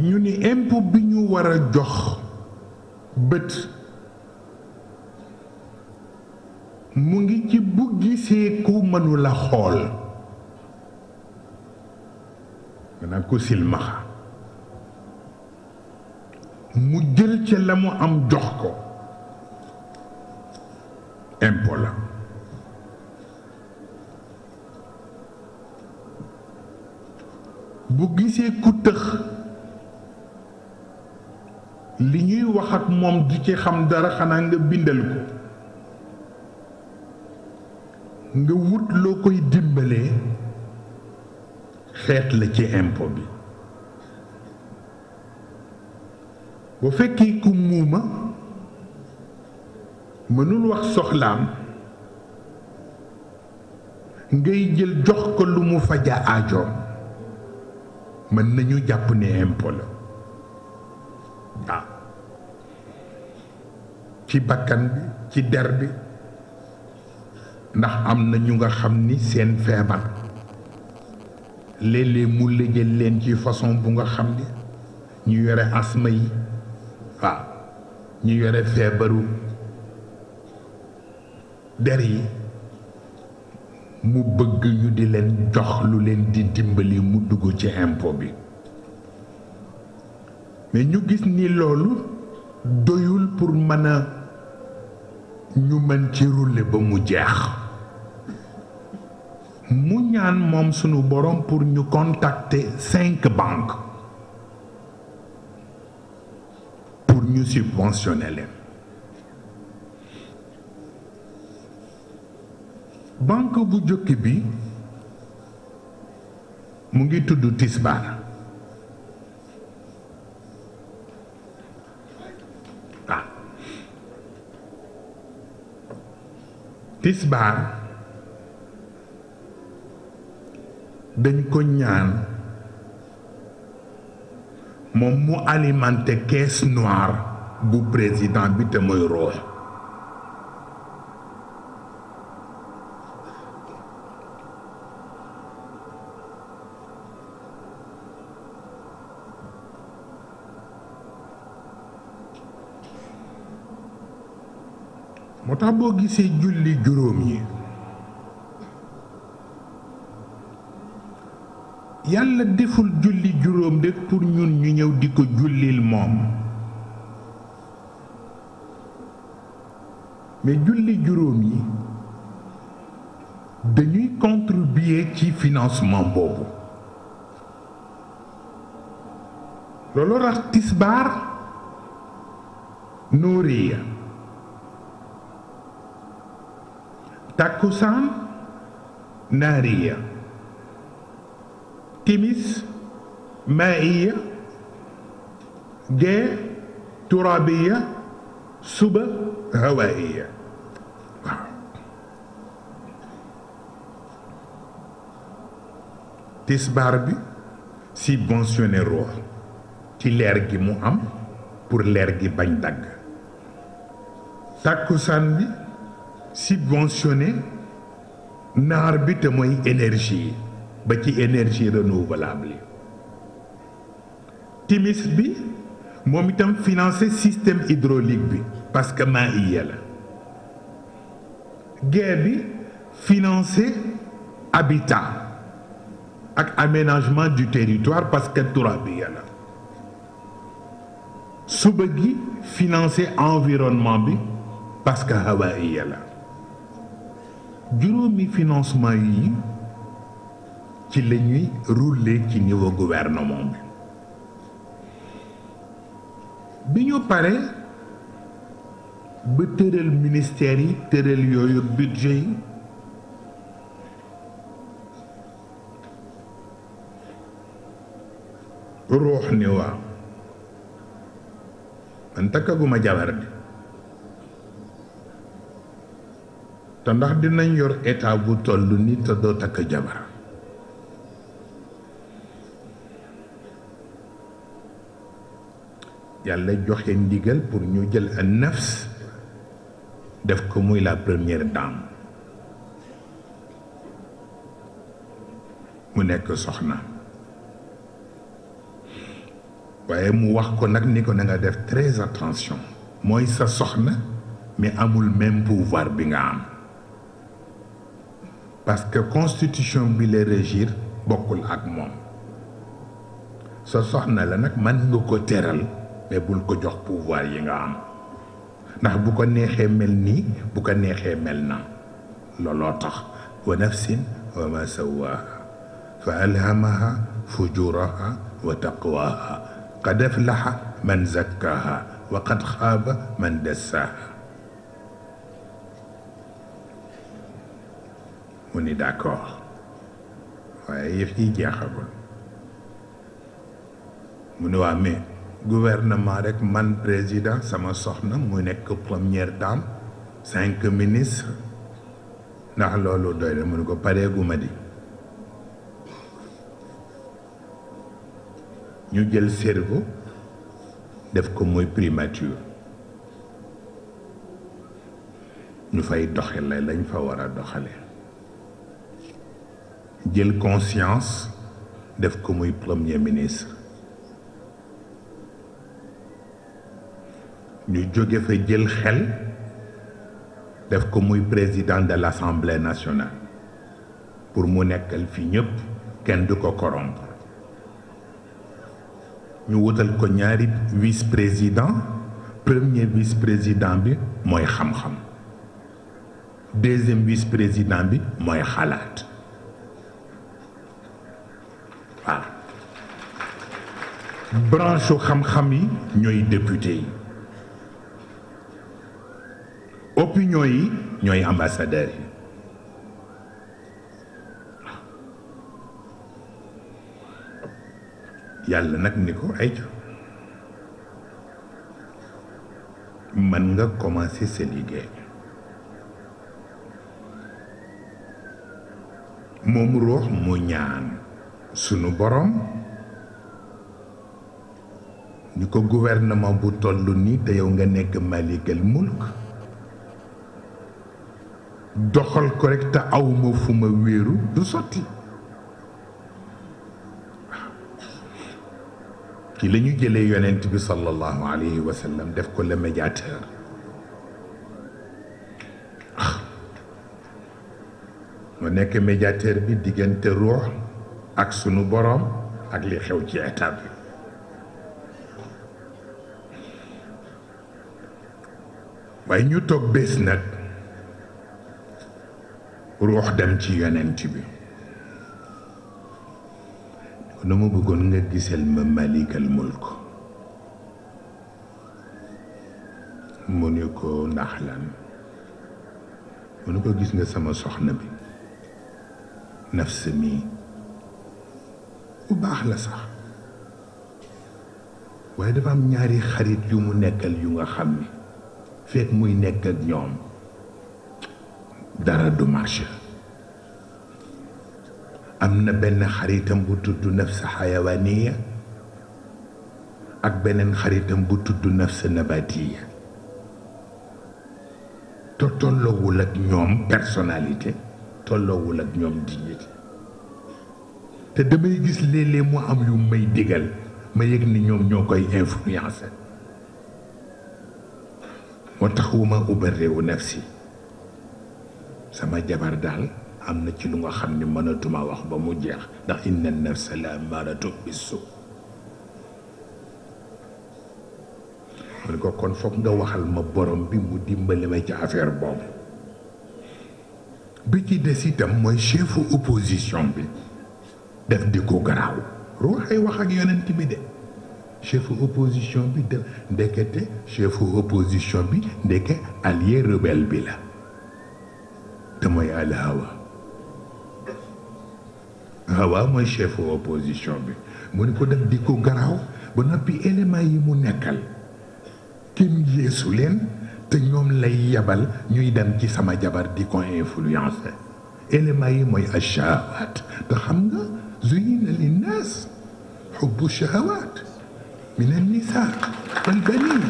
ñu ni impôt bi ñu war a jox bët mu ngi ci bu gisee ku mënula xool maanaam ku silmaxa mu jël ca la mu am jox ko impôt la bu gisee ku tëx li ñuy wax ak moom du ci xam dara xanaa nga bindal ko nga wut loo koy dimbalee xeet la ci impôt bi bu fekkee ku muuma mënul wax soxlaam ngay jël jox ko lu mu faja ajoom mën nañu jàpp ne impôt ci bakkan bi ci der bi ndax am na ñu nga xam ni seen feebar léeg-léeg mu lëjal leen ci façon bu nga xam ni ñu yore asma yi ñu yore feebaru der yi mu bëgg ñu di leen jox lu leen di dimbali mu dugg ci empo bi mais ñu gis ni loolu doyul pour mën a ñu mën ci rouler ba mu jeex mu ñaan moom sunu borom pour ñu contacter cinq bank ñu subventionné leen banque bu jëkk bi mu ngi tudd Tisbar ah dañ ko ñaan moom mu alimenté caisse noire bu président bi te mooy roox moo tax boo gisee julli juróom yi yàlla deful julli juróom rek pour ñun ñu ñëw di ko jullil moom mais julli juróom yi dañuy contribuer ci financement boobu loolu tax tisbaar nouriya takkusaan naariya timis maaiya gee turaabiya suba hawaaiya waaw tisbaar bi subventionné roo ci leer gi mu am pour leer gi bañ dagg tàkkusaan bi subventionné naar bi te mooy énergie ba ci énergie renouvelable li timis bi moom itam financer système hydraulique bi parce que maa iya la gee bi financer habitat ak aménagement du territoire parce que turaabiya la suba gi financer environnement bi parce que hawaiya la juróomi financement yi ci la ñuy ci niveau gouvernement bi ñu pare ba tëral ministère yi tëral yooyu budget yi ruux ni waaw man takkaguma jabar bi te ndax dinañ yor état bu toll ni te doo takk jabar yàlla joxe ndigal pour ñu jël an nafs def ko muy la première dame mu nekk soxna waaye mu wax ko nag ni ko nanga def très attention mooy sa soxna mais amul même pouvoir bi nga am parce que constitution bi lay régir bokkul ak moom sa soxna la nag mën nga ko teral mais bul ko jox pouvoir yi nga am ndax bu ko neexee mel nii bu ko neexee mel na looloo tax wa nafsin wa ma sawaaha fa alhamaha fujuraha wa taqwaha qad aflaha man zakkaha wa qad xaaba man dassaaha mu ni d'accord waaye yëf yi jeexagul mu ni waa mais gouvernement rek man président sama soxna mu nekk première tam cinq ministre ndax loolu doy na mu ne ko pareeguma di ñu jël cerveau def ko muy primature ñu fay doxale lañ fa war a doxale jël conscience def ko muy premier ministre ñu jóge fa jël xel def ko muy président de l'Assemblée nationale pour mu nekkal fii ñëpp kenn du ko corrompre ñu wutal ko ñaari vice président premier vice président bi mooy xam-xam deuxième vice président bi mooy xalaat waaw branche xam-xam yi ñooy député yi opinion yi ñooy ambassadeurs yi yàlla nag ni ko ay mën nga commencer sa liggéey moom ruux mu ñaan sunu boroom ni ko gouvernement bu toll nii te yow nga nekk malikal mulk doxal ko rek te awma fu ma wéeru du sotti ci la ñu jëlee yonent bi sallallahu alayhi wa def ko le médiateur mu nekk médiateur bi diggante ruux ak sunu boroom ak li xew ci état bi waaye ñu toog bés nag ruux dem ci yonent bi dama bëggoon nga gisal ma malikal mulk mu ni ko ndax lan mu ni ko gis nga sama soxna bi nafs mi bu baax la sax waaye dafa am ñaari xarit yu mu nekkal yu nga xam ni fekk muy nekk ak ñoom dara du marché am na benn xaritam bu tudd nafsa xayawaaniya ak beneen xaritam bu tudd nafsa nabatiya te tolloowul ak ñoom personnalité tolloowul ak ñoom dignité te damay gis léeg-léeg am yu may digal ma yëg ni ñoom ñoo koy influencé moo tax wu ma ubarrewu nafsi sama jabar daal am na ci lu nga xam ne mënatuma wax ba mu jeex ndax inna nafsa la amaratu bisu mun ko kon foog nga waxal ma borom bi mu dimbali ma ci affaire boobu bi ci des itam mooy chefu opposition bi def di ko garaaw ruuxay wax ak yonent bi de chefu opposition bi def ndekete chefu opposition bi ndeke allié rebelle bi la te mooy al hawa hawa mooy chef opposition bi mu ni ko def di ko garaaw ba noppi élément yi mu nekkal kenn yeesu leen te ñoom lay yebal ñuy dem ci sama jabar di ko influencer élément yi mooy achahawaat te xam nga zuyina linnaas xubbu chahawaat min annisaa wal banin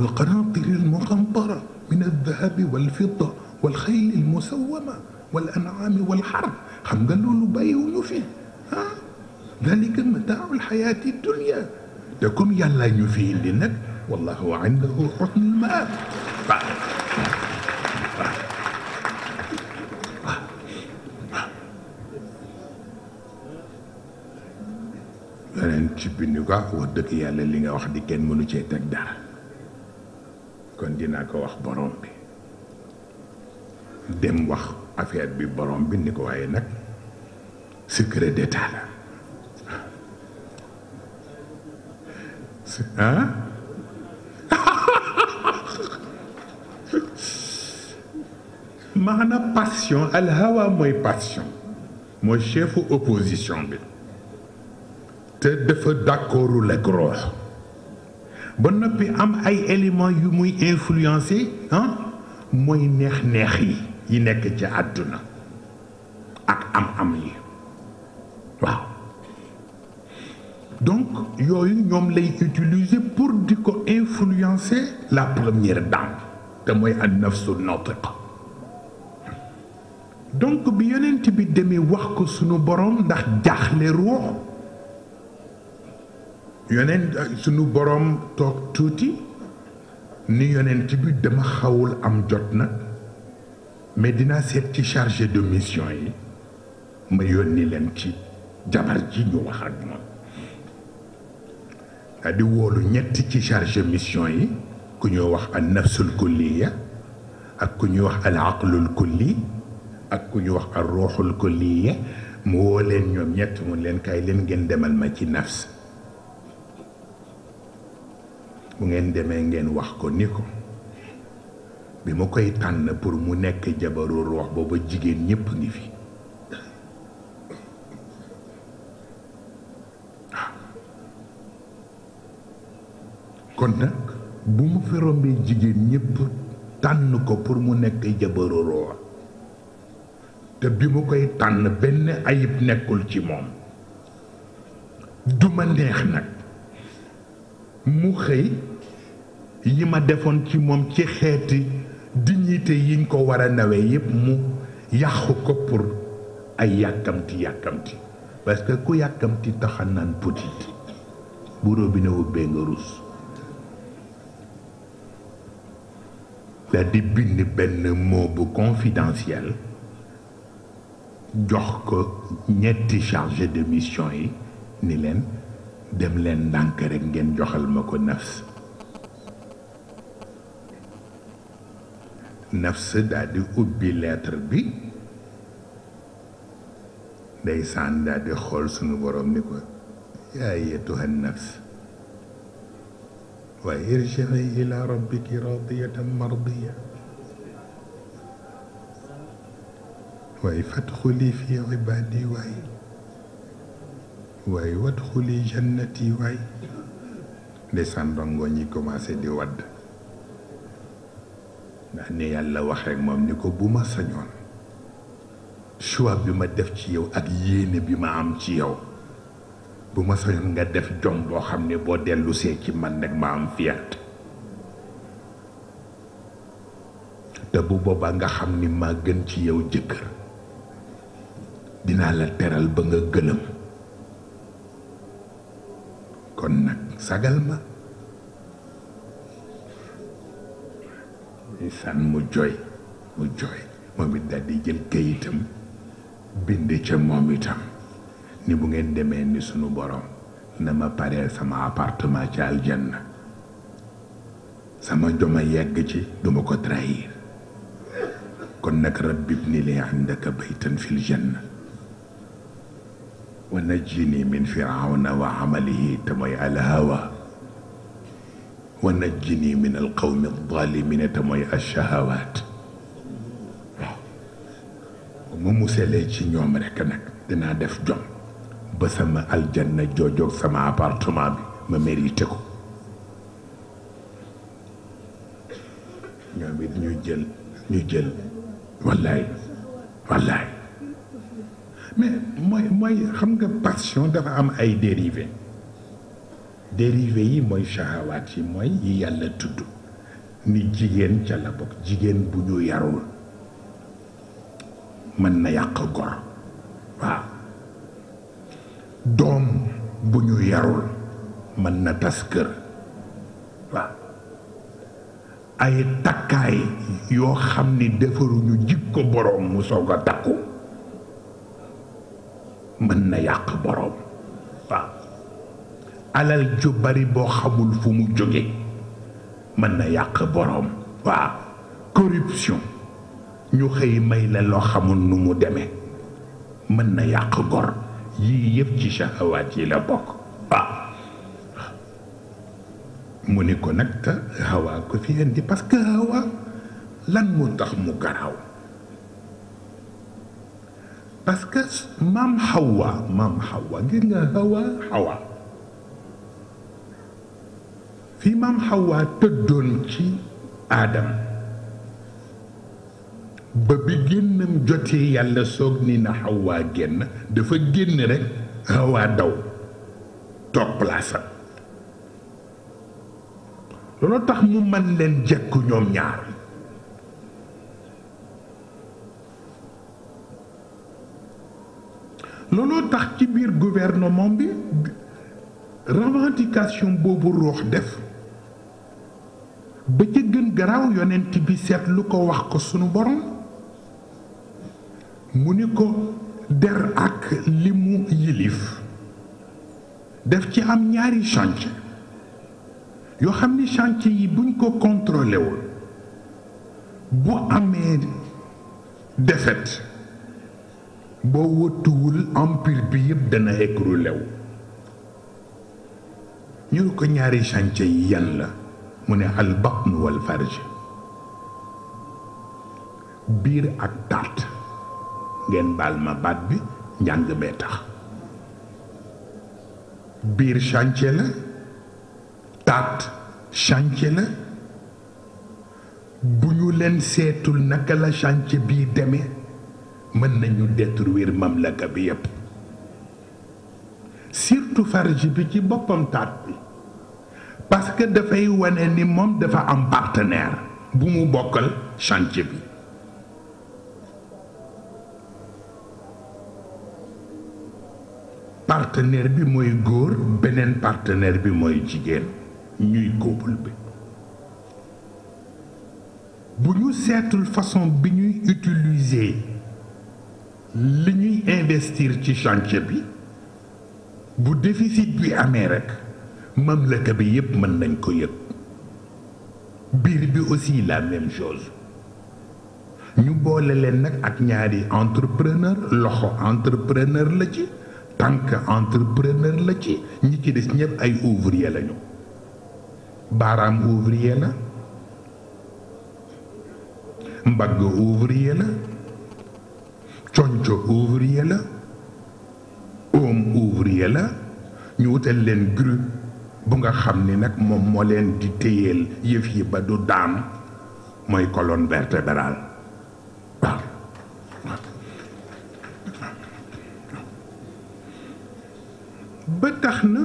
والقناطر المقنطرة من الذهب والفضة والخيل المسومة والأنعام والحرب xam nga loolu bàyyiwuñu fi ah dalika mataaul xayaati dunia te comme yàlla ñu fi indi nag wallahu indahu xusnul maab waaw waaw waaw waaw yeneen ci bi ni ko wax dëgg yàlla li nga wax di kenn mënu cee teg dara kon dinaa ko wax borom bi dem wax affaire bi borom bi ni ko waaye nag secret d'état la ah maana passion alhawa mooy passion mooy chefu opposition bi te dafa d'accordul ak roox ba noppi am ay éléments yu muy influencé ah mooy neex-neex yi yi nekk ci àdduna ak am-am yi waaw donc yooyu ñoom lay utiliser pour di ko influencer la première dame te mooy an nafsu natiqa donc bi yonent bi demee wax ko sunu borom ndax jaaxle ruux yonent sunu boroom toog tuuti ni yonent bi dama xawul am jot na mais dina seet ci chargé de mission yi ma yónni leen ci jabar ji ñu wax ak moom daa di woolu ñett ci chargé mission yi ku ñuy wax an nafsul kulliya ak ku ñuy wax al aqlul kulli ak ku ñuy wax al ruuxul kulliya mu woo leen ñoom ñett mu leen kaay leen ngeen demal ma ci nafs bu ngeen demee ngeen wax ko ni ko bi ma koy tànn pour mu nekk jabaru roox booba jigéen ñépp ngi fi ah. kon nag bu mu fi rombee jigéen ñépp tànn ko pour mu nekk jabaru roox te bi ma koy tànn benn ayib nekkul ci moom duma neex nag mu xëy yi ma defoon ci moom ci xeeti di dignité yiñ ko war a nawee yépp mu yàqu ko pour ay yàkkamti yàkkamti parce que ku yàkkamti taxa naan petit bu robinet ubbee nga rus daal di bind benn mot bu confidentiel jox ko ñetti chargé de mission yi ni leen dem leen ndànk rek ngeen joxal ma ko nas nafs daal di ubbi lettre bi ndeysaan daal di xool sunu borom ni ko yaa ayyatuha nafs waaye irji'i ila rabbiki radiyatan mardiya waaye fadxuli fi ibaadi waay waaye wadxuli jannati waay ndeysaan rongo ñi commencé di wadd ndax ni yàlla waxee moom ni ko bu ma sañoon choix bi ma def ci yow ak yéene bi ma am ci yow bu ma sañoon nga def jom boo xam ne boo dellusee see ci man nag ma am fiyaat te bu boobaa nga xam ni maa gën ci yow jëkkër dinaa la teral ba nga gëlëm kon nag sagal ma ndeysaan mu jooy mu jooy moom it daal di jël kayitam bind ca moom itam ni bu ngeen demee ni sunu borom na ma paree sama appartement ci aljanna sama joma yegg ci duma ko trahir kon nag rabbi ibni li indaka baytan fil janna wa najjini min firawna wa amalihi te mooy alhawa wa najjini min alqawmi aldalimina te mooy alchahawaat waaw ma musalee ci ñoom rekk nag dinaa def jom ba sama aljanna joojoog sama appartement bi ma mérité ko ñoom it ñu jël ñu jël wallaay wallaay mais mooy mooy xam nga passion dafa am ay dérivé dérivé yi mooy shahawaat yi mooy yi yàlla tudd ni jigéen ca la bokk jigéen bu ñu yarul mën na yàq gor waaw bu ñu yarul mën na tas kër waaw ay takkaay yoo xam ni defaruñu ko boroom mu soog a takku mën na yàq boroom alal ju bari boo xamul fu mu jóge mën na yàq boroom waaw corruption ñu xëy may la loo xamul nu mu demee mën na yàq gor yii yëpp ci shahawaat yi la bokk mu ni ko nag te hawa ko fi indi parce que hawa lan moo tax mu garaaw parce que maam hawa maam hawa gis nga hawa hawa fi maam xawaa tëddoon ci aadam ba bi génnam jotee yàlla soog ni na xawaa génn dafa génn rekk xawaa daw toog palaasam loolu tax mu mën leen jekku ñoom ñaar looloo tax ci biir gouvernement bi revendication boobu ruux def ba ca gën garaaw yonent bi seet lu ko wax ko sunu borom mu ni ko der ak li mu yilif def ci am ñaari chantier yoo xam ne chantier yi buñ ko contrôlé wul bu amee défaite boo wëttuwul empire bi yëpp dana écroulé wu ñu ko ñaari chantier yi yenn la mu ne al batn wal farj biir ak taat ngeen baal ma baat bi njàng mee tax biir chantier la taat chantier la bu ñu leen seetul naka la chantier bii demee mën nañu mam mamlaka bi yépp surtout farj bi ci boppam taat bi parce que dafay wane ni moom dafa am partenaire bu bokkal chantier bi partenaire bi mooy góor beneen partenaire bi mooy jigéen ñuy couple bi bu ñu seetul façon bi ñuy utiliser li ñuy investir ci chantier bi bu defisit bi amee rekk mamlaka bi yépp mën nañ ko yëg biir bi aussi la même chose ñu boole leen nag ak ñaari entrepreneur loxo entrepreneur la ci tànk entrepreneur la ci ñi ci des ñëpp ay ouvrier lañu baaraam ouvrier la mbagg ouvrier la conco ouvrier la oom ouvrier la ñu wutal leen grue bu nga xam ni nag moom moo leen di téyeel yëf yi ba du daam mooy colonne vertébrale waaw ba tax na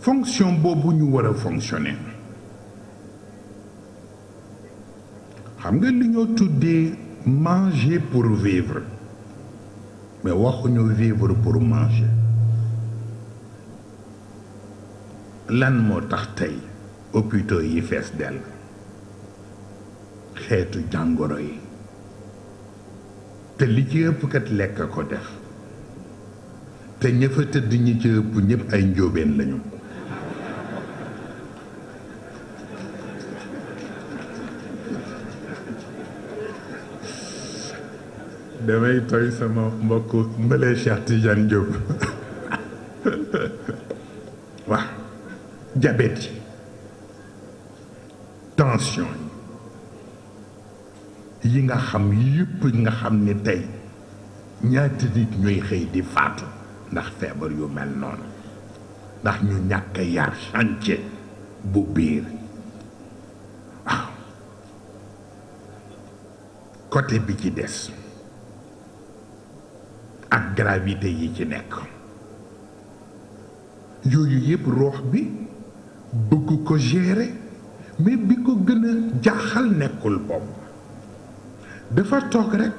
fonction boobu ñu war a xam nga li ñoo tuddee manger pour vivre mais waxuñu vivre pour manger lan moo tax tey hôpitaux yi fees dell xeetu jàngoro yi te li ci ëpp kat lekk ko def te ña fa tëdd ñi ci ëpp ñëpp ay njóobeen lañu sama mbokk mbële Cheikh Tidiane diabète yi tension yi nga xam yëpp nga xam ni tey ñaata nit ñooy xëy di faatu ndax feebar yu mel noonu ndax ñu ñàkk yar chantier bu biir waaw bi ci des ak gravité yi ci nekk yooyu yëpp roox bi bëgg ko gérer mais bi ko gën a jaaxal nekkul boobu dafa toog rekk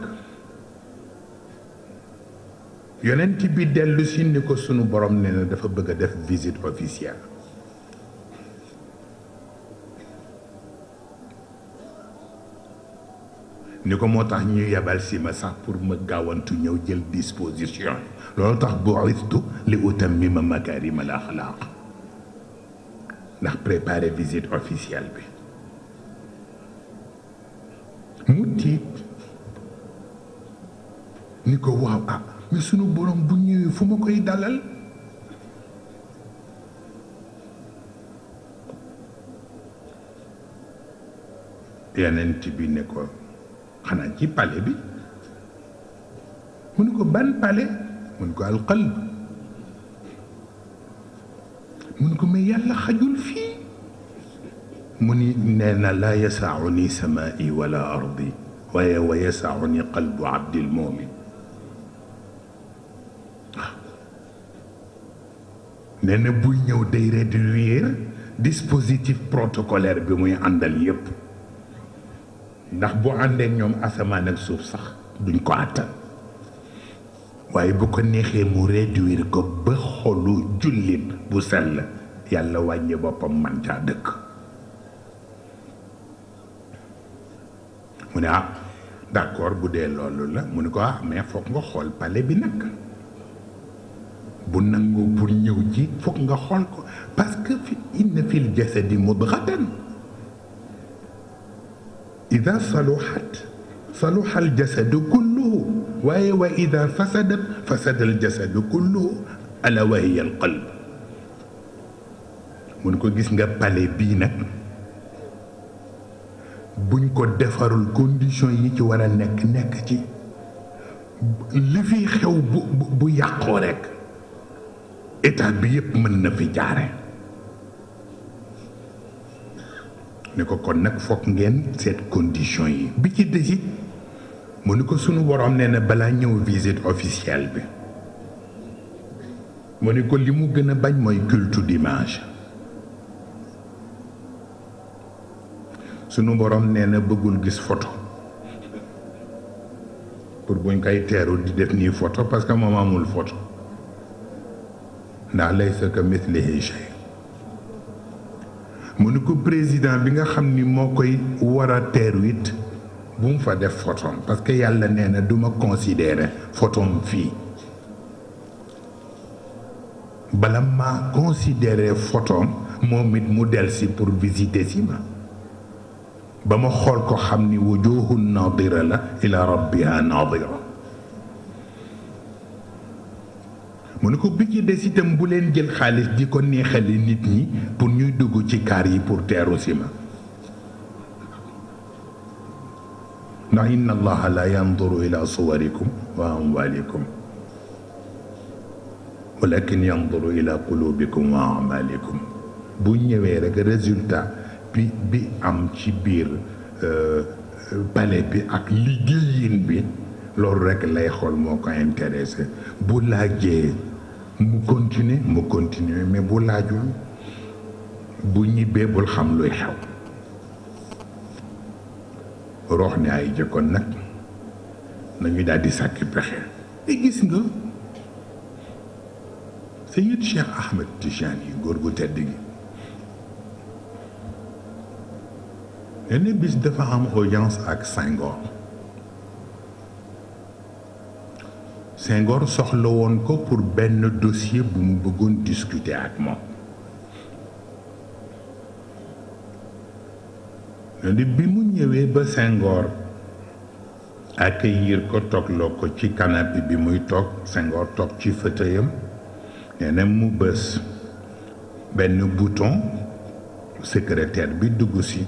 yonent bi dellu si ni ko sunu borom ne na dafa bëgg a def visite officielle ni ko moo tax ñu yebal si ma sax pour ma gaawantu ñëw jël disposition loolu tax bu'istu li utammima makaarimal axlaaq ndax préparer visite officielle bi mu tiit ni ko waaw ah mais sunu borom bu ñëwee fu ma koy dalal yonent bi ne ko xanaa ci palais bi mu ne ko ban palais mu ne ko alqalb mun ko may yàlla xajul fii mu ni nee na laa yasaau ni samaai wala ardi waaye wa yasaau ni qalbu abdil moomin ah. nee na buy ñëw day réduire dispositif protocolaire bi muy àndal yépp ndax bu àndee ñoom asamaan ak suuf sax duñ ko àttan waaye bu ko neexee mu réduire ko ba xolu jullit bu sell yàlla wàññi boppam man caa dëkk mu ne ah d'accord bu dee loolu la mu ne ko ah mais nga xool palais bi nag bu nangoo pour ñëw ji foog nga xool ko parce que fi inna fil jasadi mudghatan ida saluhat saluha al jasadu kulluhu waaye wa ida fasadat fasada aljasadu kulluhu ala wa hiya alqalb mun ko gis nga palais bii nag buñ ko defarul condition yi ci war a nekk nekk ci li fi xew bu bu yàqoo rekk état bi yépp mën na fi jaare ne ko kon nag foog ngeen seet condition yi bi ci desit mu ni ko sunu woroom nee na balaa ñëw visite officielle bi mu ni ko li mu gën a bañ mooy culte d'image sunu woroom nee na bëggul gis photo pour buñ koy teeru di def nii photo parce que moom amul photo ndax laysa ka mithlihi shay mu ni ko président bi nga xam ni moo koy war a teeru it bu mu fa def photon parce que yàlla nee na duma ma considérer photon fii bala maa considérer photon moom it mu del si pour visiter si ma ba ma xool ko xam ni wujuhun nadira la ila rabbiha nadira mu ne ko bi ci des bu leen jël xaalis di ko neexali nit ñi pour ñuy dugg ci kaar yi pour teeru si ma ndax inna allaha la yanduru ila suwarikum wa amwalikum walakin yanduru ila qulubikum wa amalikum bu ñëwee rek résultat bi bi am ci biir euh, palais bi ak liggéeyin bi loolu rek lay xool moo ko intéressé bu laajee mu continuer mu continuer mais bu laajul bu ñibbee bul xam luy xew roox ne ay jëkkoon nag nañu daal di sàkki pexe te gis nga Seyid Cheikh Ahmed Tijani yi góor gu tedd gi lenn bis dafa am audience ak Senghor Senghor soxla woon ko pour benn dossier bu mu bëggoon discuter ak moom bi mu ñëwee ba Senghor accueillir ko loo ko ci canapé bi muy toog Senghor toog ci fauteuilam nee mu bés benn buton secrétaire bi dugg si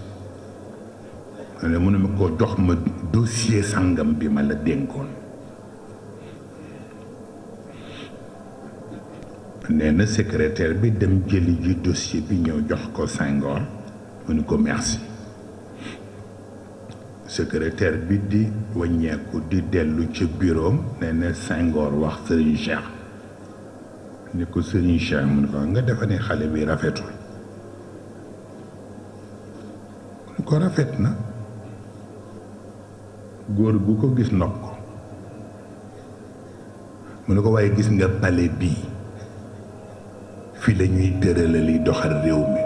ne mu ko jox ma dossier sangam bi ma la dénkoon nee na bi dem jëli ji dossier bi ñëw jox ko Senghor mu ne ko merci secrétaire bi di wàññeeku di dellu ci bureau nee na Senghor wax Serigne Cheikh ni ko Serigne Cheikh mu ne nga defa ne xale bi rafetul mu ko rafet na góor gu ko gis ndox ko mu ne ko waaye gis nga palais bii fi la ñuy tërala li doxal réew mi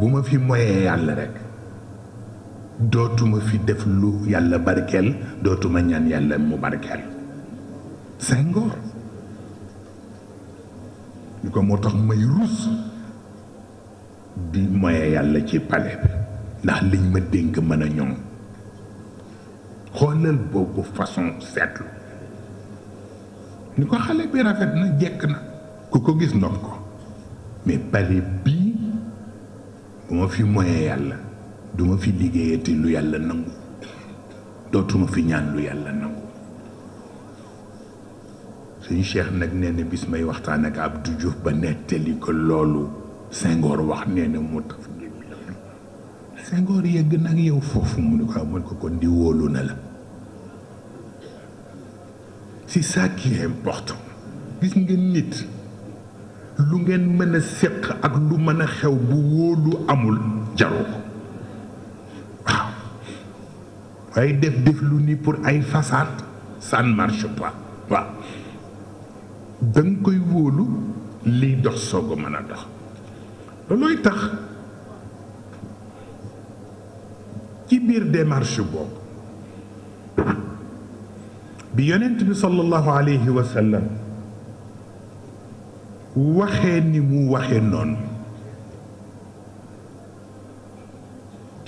bu ma fi moyee yàlla rekk dootuma fi def lu yàlla barkeel dootuma ñaan yàlla mu barkeel Senghor ñu ko moo tax may ruus di moye yàlla ci palais bi ndax liñ ma dénk mën a ñoom xoolal boobu façon seetlu ñu ko xale bi rafet na jekk na ku ko gis nopp ko mais palais bii bu ma fi moye yàlla duma fi liggéeyati lu yàlla nangu dootuma fi ñaan lu yàlla nangu suñu cheikh nag nee bis may waxtaan ak Abdou Diouf ba nettali ko loolu Senghor wax nee na mu taf Senghor yegg nag yow foofu mu ne ko mu ne ko kon di wóolu na la c'est ça qui gis ngeen nit lu ngeen mën a séq ak lu mën a xew bu wóolu amul jaroo waaye def def lu ni pour ay façade san ne marche pas waaw koy wóolu liy dox soog a mën a dox loolooy tax ci biir démarche boobu bi yonent bi sallallahu alayhi wa sallam ni mu waxe noonu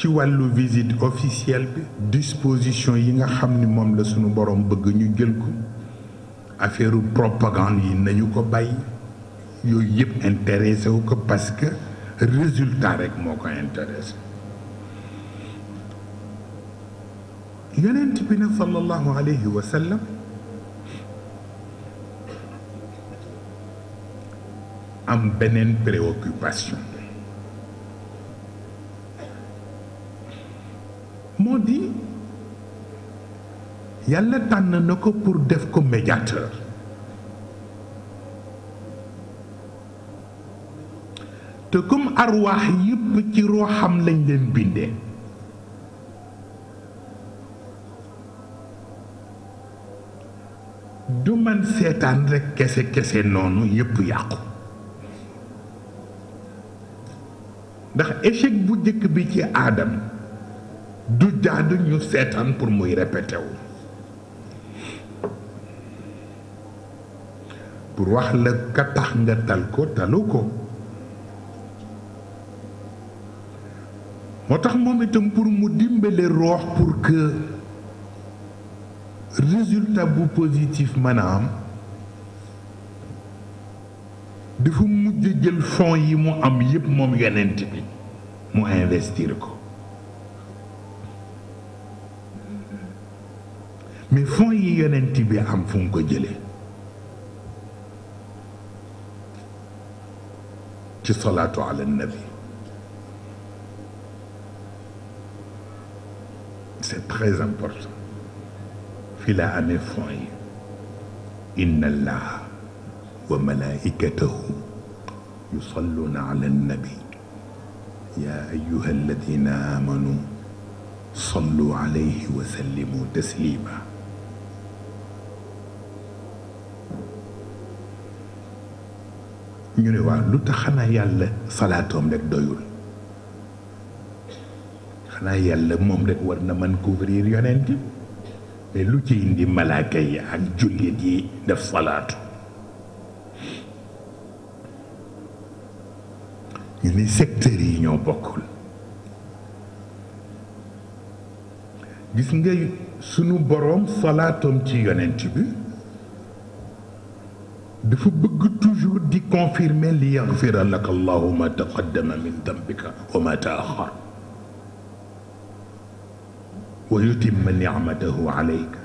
ci wàllu visite officielle bi disposition yi nga xam ni moom la sunu borom bëgg ñu jël ko affaire propagande yi nañu ko bàyyi yooyu yëpp intéressé wu ko parce que résultat rek moo ko intéressé yonent bi nag sallallahu alayhi wa sallam am beneen préoccupation moo di yàlla tànn na ko pour def ko médiateur te kom arwaax yépp ci rooxam lañ leen bindee du man seetaan rekk kese kese noonu yëpp yàqu ndax échec bu jëkk bi ci aadam du jaadu ñu seetaan pour muy répété wu pour wax la ka tax nga tal ko talu ko moo tax moom itam pour mu dimbale roox pour que résultat bu positif mën a am dafa mujj jël fonds yi mu am yépp moom yonent bi mu investir ko mais fonds yi yonent bi am fu mu ko jëlee ci salaatu ala nabi c'est très important fi la amee fonds yi inna allaha wa malaikatahu yusalluna ala nabi ya ayuha alladina amanu sallu alayhi wa sallimu taslima ñu ne waaw lu tax xanaa yàlla salaatoom rek doyul xanaa yàlla moom rek war na mën couvrir yonent mais lu ci indi malaaka yi ak jullit yi def salaatu ñu ni secteurs yi ñoo bokkul gis nga sunu boroom salaatoom ci yonent bi dafa bëgg toujours di confirmer li yaxfira laka allahu ma taqaddama min dambika wa ma taaxar wa yutimma nicmatahu alayka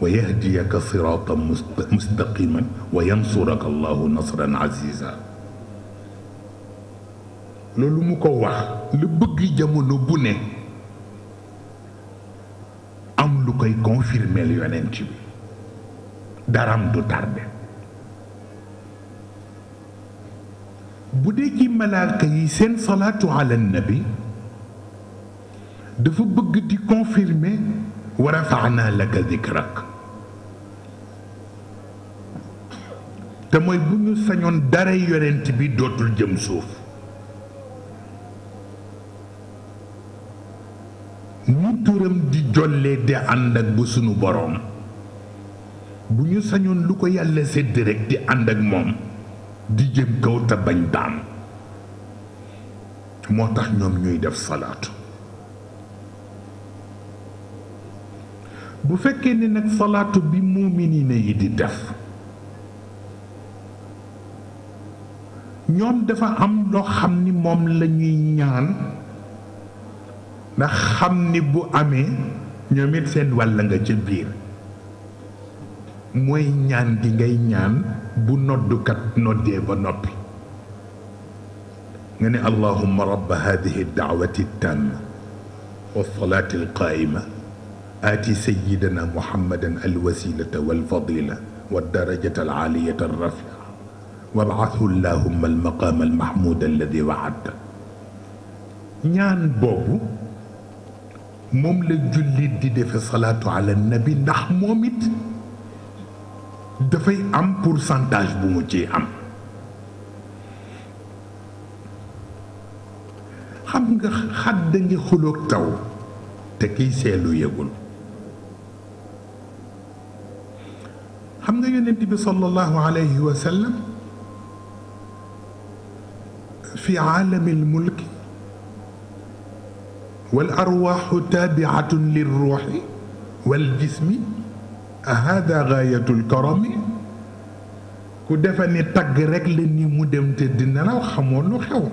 wa yahdiyaka siratan mustaqiman wa yansuraka allahu nasran aziza loolu mu ko wax la bëgg jamono bu ne am lu koy confirmer yonent bi daram du tardé bu dee ci malaaka yi seen salaatu ala bi dafa bëgg di confirmer wa rafaana laka dikrak te mooy bu ñu sañoon dara yorent bi dootul jëm suuf ñu turam di jollee di ànd ak bu sunu boroom bu ñu sañoon lu ko yàlla sedd rek di ànd ak moom di jëm kaw te bañ daan moo tax ñoom ñuy def salaatu bu fekkee ni nag salaatu bi muuminiina yi di def ñoom dafa am loo xam ni moom lañuy ñaan ndax xam ni bu amee ñoom it seen wàll nga ca biir mooy ñaan gi ngay ñaan bu noddukat noddee ba noppi nga ne allahumma rabba hadihi daawati tamma wa salaati alqaayima aati sayidana muhammadan alwasilata walfadila والدرجة العالية الرفيعة وابعثه اللهم المقام المحمود الذي وعدته ñaan boobu moom la jullit di defe salaatu ala nabi ndax moom it dafay am pourcentage bu mu ci am xam nga xadd ngi xuloog taw te kiy seelu yëgul xam nga yonent bi sallallahu alayhi wa sallam fi aalami almulki wal arwaaxu taabiatun lilruuxi wal jismi ahada gaayatul koromi ku defe ni tagg rekk la ni mu dem te dina la xamoo lu xew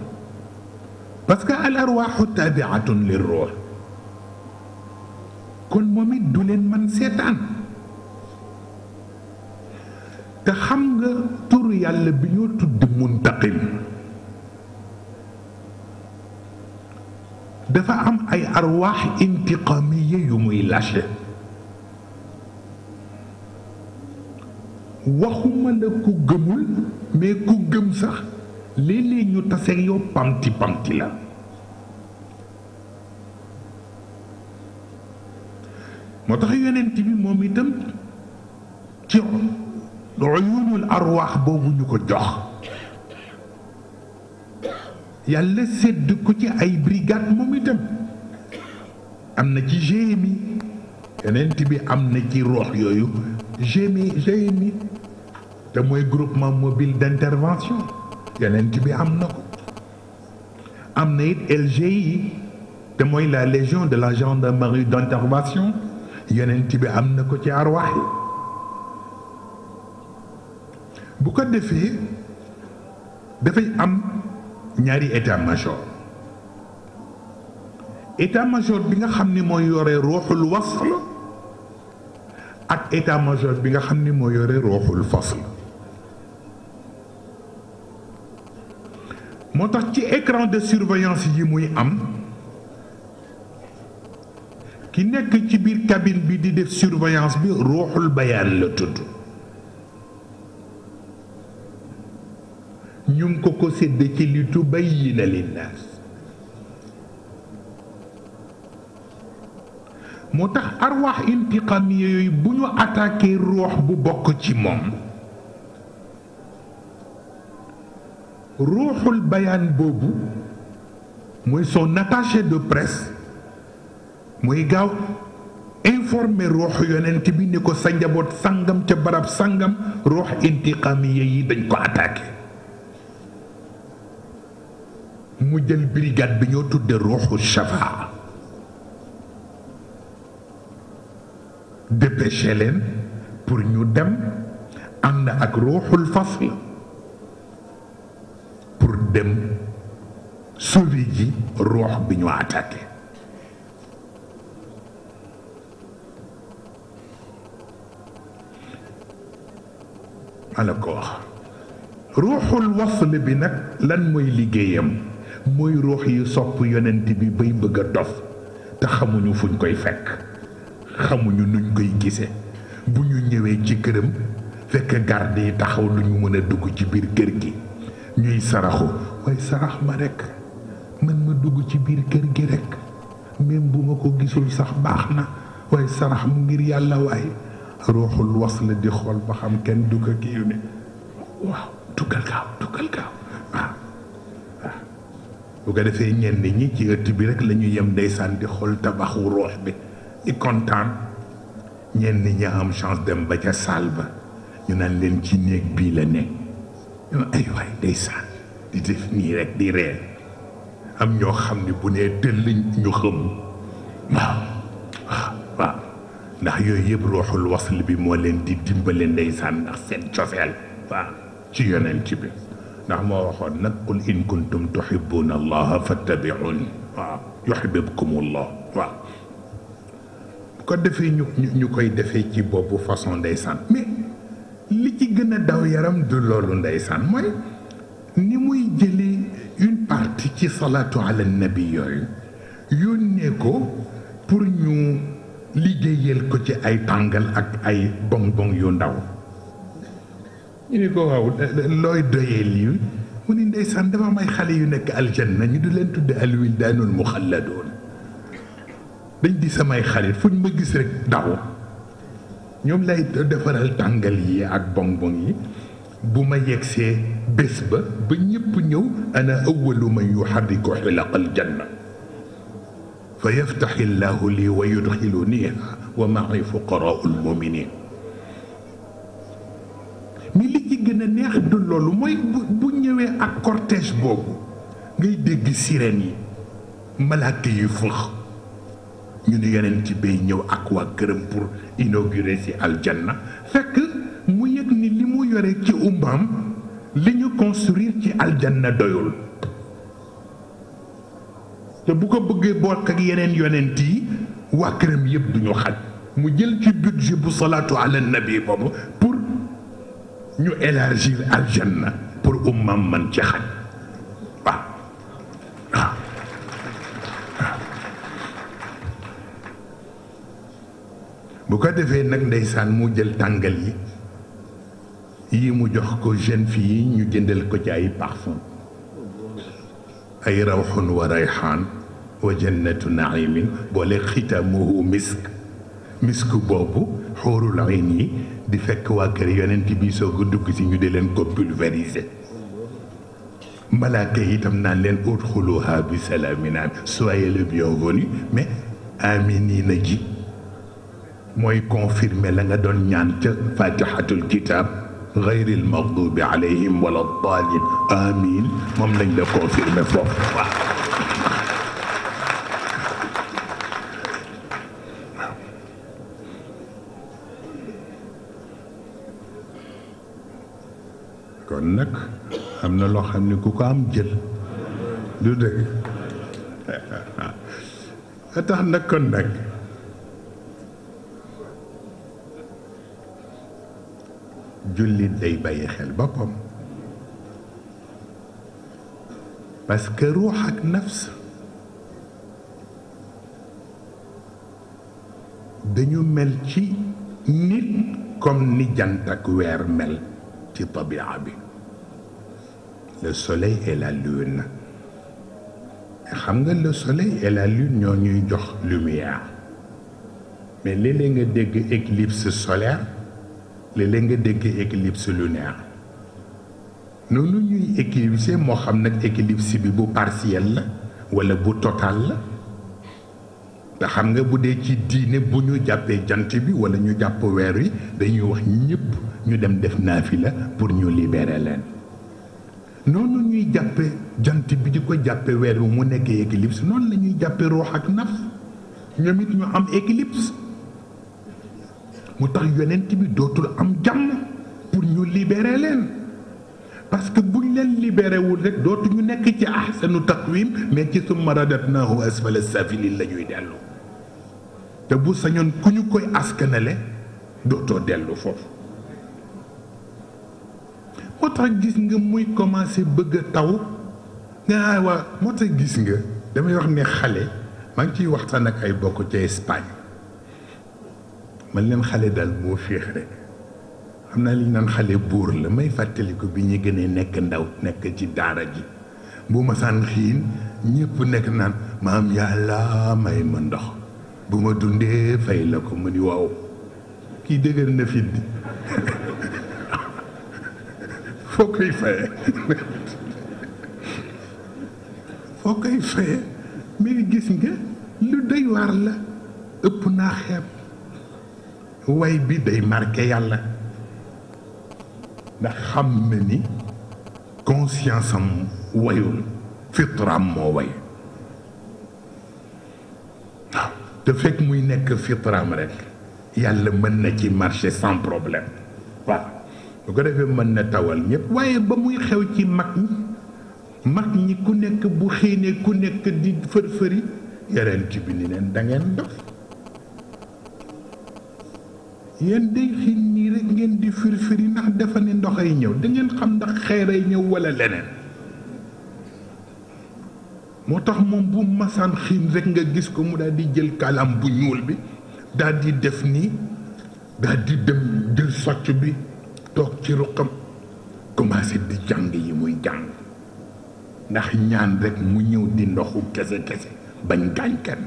parce que al arwaaxu taabiatun li ruux kon moom it du leen man seetaan te xam nga turu yàlla bi ñoo tudd muntaqim dafa am ay arwaax intiqamiye yu muy lâché waxuma la ku gëmul mais ku gëm sax léeg ñu taseeg yow pamti pamti la moo tax yonent bi moom itam ci uyunul arwaax boobu ñu ko jox yàlla sedd ko ci ay brigade moom itam am na ci GMI yonent bi am na ci roox yooyu GMI GMI te mooy groupement mobile d'intervention yonent bi am na ko am na it LGI te mooy la légion de la gendarmerie d'intervention yonent bi am na ko ci arwaax yi bu ko defee dafay am ñaari état major état major bi nga xam ni mooy yore ruuxul wasl ak état major bi nga xam ni mooy yore ruuxul fasl moo tax ci écran de surveillance yi muy am ki nekk ci biir cabine bi di def surveillance bi ruuxul bayaan la tudd ñu ko ko sédd ci li tubayyina linnaas moo tax arwaax intiqaamiya bu ñu attaqué ruux bu bokk ci moom ruuxul bayaan boobu muy son attaché de presse mooy gaaw informer ruux yonent bi ni ko sa njaboot sangam ca barab sangam ruux intiqaamiya yi dañ ko attaqué mu jël brigade bi ñoo tudde ruuxu shafaa dépêché leen pour ñu dem ànd ak ruuxul fasl dem sauver ji roox bi ñu attaqué ma ko wax ruuxul wasl bi nag lan mooy liggéeyam mooy ruux yi sopp yonent bi bay bëgg a dof te xamuñu fuñ koy fekk xamuñu nuñ koy gisee bu ñu ñëwee ci këram fekk garde yi taxaw duñu mën a dugg ci biir kër gi ñuy saraxu waaye sarax ma rek man ma dugg ci biir kër gi rekk même bu ma ko gisul sax baax na waaye sarax mu ngir yàlla waaye ruuxul was la di xool ba xam kenn du ko kii yu ne waaw duggal gaaw duggal gaaw bu ko defee ñenn ñi ci ëtt bi rek la yem ndeysaan di xool tabaxu ruux bi di kontaan ñenn ñi am chance dem ba ca saal ba ñu naan leen ci néeg bii la nekk dama ay waay ndeysaan di xam ne bu nee dëll ñu xëm waaw waaw ndax moo leen di dimbale ndeysaan ndax seen cofeel waaw ci yonent bi ndax moo waxoon nag qul in kuntum tuhibbuna allaha fattabi'uni waaw yuhibbukum allah waaw bu ko defee ñu ñu koy defee ci boobu façon ndeysaan mais li ci gën a daw yaram du loolu ndeysaan mooy ni muy jëlee une partie ci salaatu ala nabi yooyu yónnee ko pour ñu liggéeyal ko ci ay tàngal ak ay bonbon yu ndaw ñu ne ko waaw looy doyee lii mu ni ndeysaan dafa am ay xale yu nekk aljanna ñu di leen tudde alwildaanul muxalladoon dañ di samay xarit fu ñu ma gis rek daw ñoom lay defaral tàngal yi ak bonbon yi bu ma yegsee bés ba ba ñëpp ñëw ana awalu man yuxarriku xilaqal janna fa yaftaxi llahu lii wa yudxiluniha wa maci fuqaraau lmuminin mais li ci neex du loolu mooy bu ñëwee ak cortège boobu ngay dégg sirène yi malaaka yu fëx ñu ne yeneen ci bay ñëw ak waa këram pour inaugurer si aljanna fekk mu yëg ni li mu yore ci umbaam li ñu construire ci aljanna doyul te bu ko bëggee boot ak yeneen yonent yi waa këram yëpp du ñu xaj mu jël ci budget bu salaatu ala nabi boobu pour ñu élargir aljanna pour ummaam man ci xaj bu ko defee nag ndeysaan mu jël tàngal yi yi mu jox ko jeune fille yi ñu jëndal ko ci ay parfum ay rawxun wa rayxaan wa jannatu naimin boole xitamuhu misk misk boobu xóorul ayn yi di fekk waa kër yonent bi soo a dugg si ñu di leen ko pulvériser malaaka yi itam naan leen udxuluha bi salaaminaan soyez le bienvenu mais aminina ji mooy confirmer la nga doon ñaan ca fatihatul kitab gayril magdubi alayhim wala daalin amin moom lañ la confirmer foofu nag am na loo xam ni ku ko am jël du dëgg tax nag kon jullit day bàyyi xel boppam parce que ruux ak nafs dañu mel ci nit comme ni jant ak weer mel ci tabia bi le soleil et la lune xam nga le soleil et ñoo ñuy jox lumière mais léeg nga dégg éclipse solaire léeg nga dégg éclipse lunaire noonu ñuy éclipse moo xam nag éclipse bi bu partiel la wala bu total la te xam nga bu dee ci diine bu ñu jàppee jant bi wala ñu jàpp weer wi dañuy wax ñëpp ñu dem def la pour ñu libérer leen noonu ñuy jàppe jant bi di ko jàppe weer wi mu nekkee éclipse noonu lañuy ñuy jàppe ak naf ñoom it ñu am éclipse mu tax yonent bi dootul am jàmm pour ñu libérer leen parce que buñ leen liberewul wul rek dootu ñu nekk ci ahsanu taqwim mais ci summa radatnaahu asfala safilin la ñuy dellu te bu sañoon ku ñu koy askanale dootoo dellu foofu moo tax gis nga muy commencé bëgg a taw nga ah, waa moo tax gis nga damay wax ne xale maa ngi ciy waxtaan ak ay bokk ca Espagne man leen xale daal boo féex rek xam naa li ñu naan xale buur la may fàttaliku bi ñuy gënee nekk ndaw nekk ci daara ji bu ma saan xiin ñëpp nekk naan maam yàlla may ma ndox bu ma dundee fay la ko mu ni waaw kii dëgër na fit bi foo koy faye foo koy faye mais gis nga lu doy waar la ëpp naa xeeb way bi day marqué yàlla ndax xam na ni conscience am wayul fitraam moo way te fekk muy nekk fitraam rek yàlla mën na ci marché sans problème waaw bu ko defee mën na tawal ñëpp waaye ba muy xew ci mag ñi mag ñi ku nekk bu xëy ne ku nekk di fër-fëri yonent bi ni leen da dof yéen day xiin nii rek ngeen di firfiri ndax dafa ne ndox ay ñëw da xam ndax xeeray ñëw wala leneen moo tax moom bu masaan xiin rek nga gis ko mu daal di jël kalam bu ñuul bi daldi def nii daal di dem jël socc bi toog ci ruqam commencé di jàng yi muy jàng ndax ñaan rek mu ñëw di ndoxu kese kese bañ gaañ kenn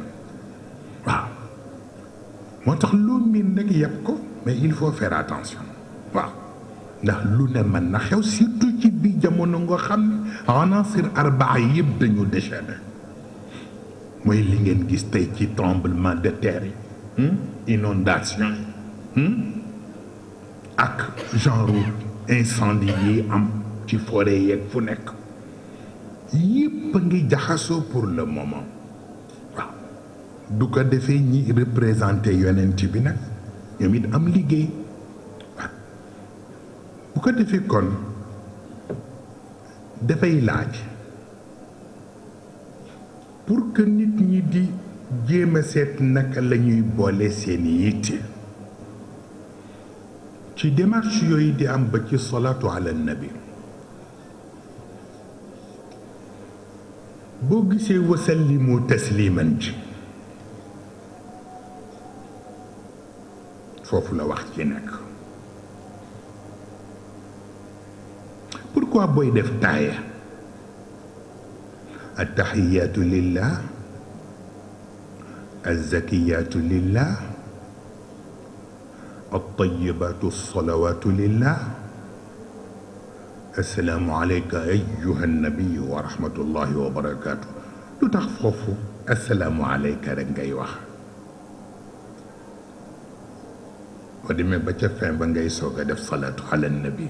waaw moo tax lu miin nag yëpp ko mais il faut faire attention waaw ndax lu ne mën na xew surtout ci bi jamono nga xam ne anasir arbaa dañu dañu déchaîné mooy li ngeen gis tey ci tremblement de terre yi hmm? hmm? ak genre incendie yi am ci forêt yeeg fu nekk yëpp a ngi jaxasoo pour le moment du ko defee ñi représenté yonent bi nag ñoom it am liggéey bu ko defee kon dafay laaj pour que nit ñi di jéem a seet nag lañuy boole seen yitte ci démarche yooyu di am ba ci salaatu ala nabi boo gisee wasallimu tasliman ci foofu la wax ci nekk pourquoi booy def taaya attaxiyaatu lillah azzakiyaatu lillah attayibaatu salawaatu lillah assalaamu aleyka ayuha nabiyu wa rahmatullahi wa barakaatu lu tax foofu assalaamu aleyka rek ngay wax boo deme ba ca fin ba ngay soog a def salaatu ala nabi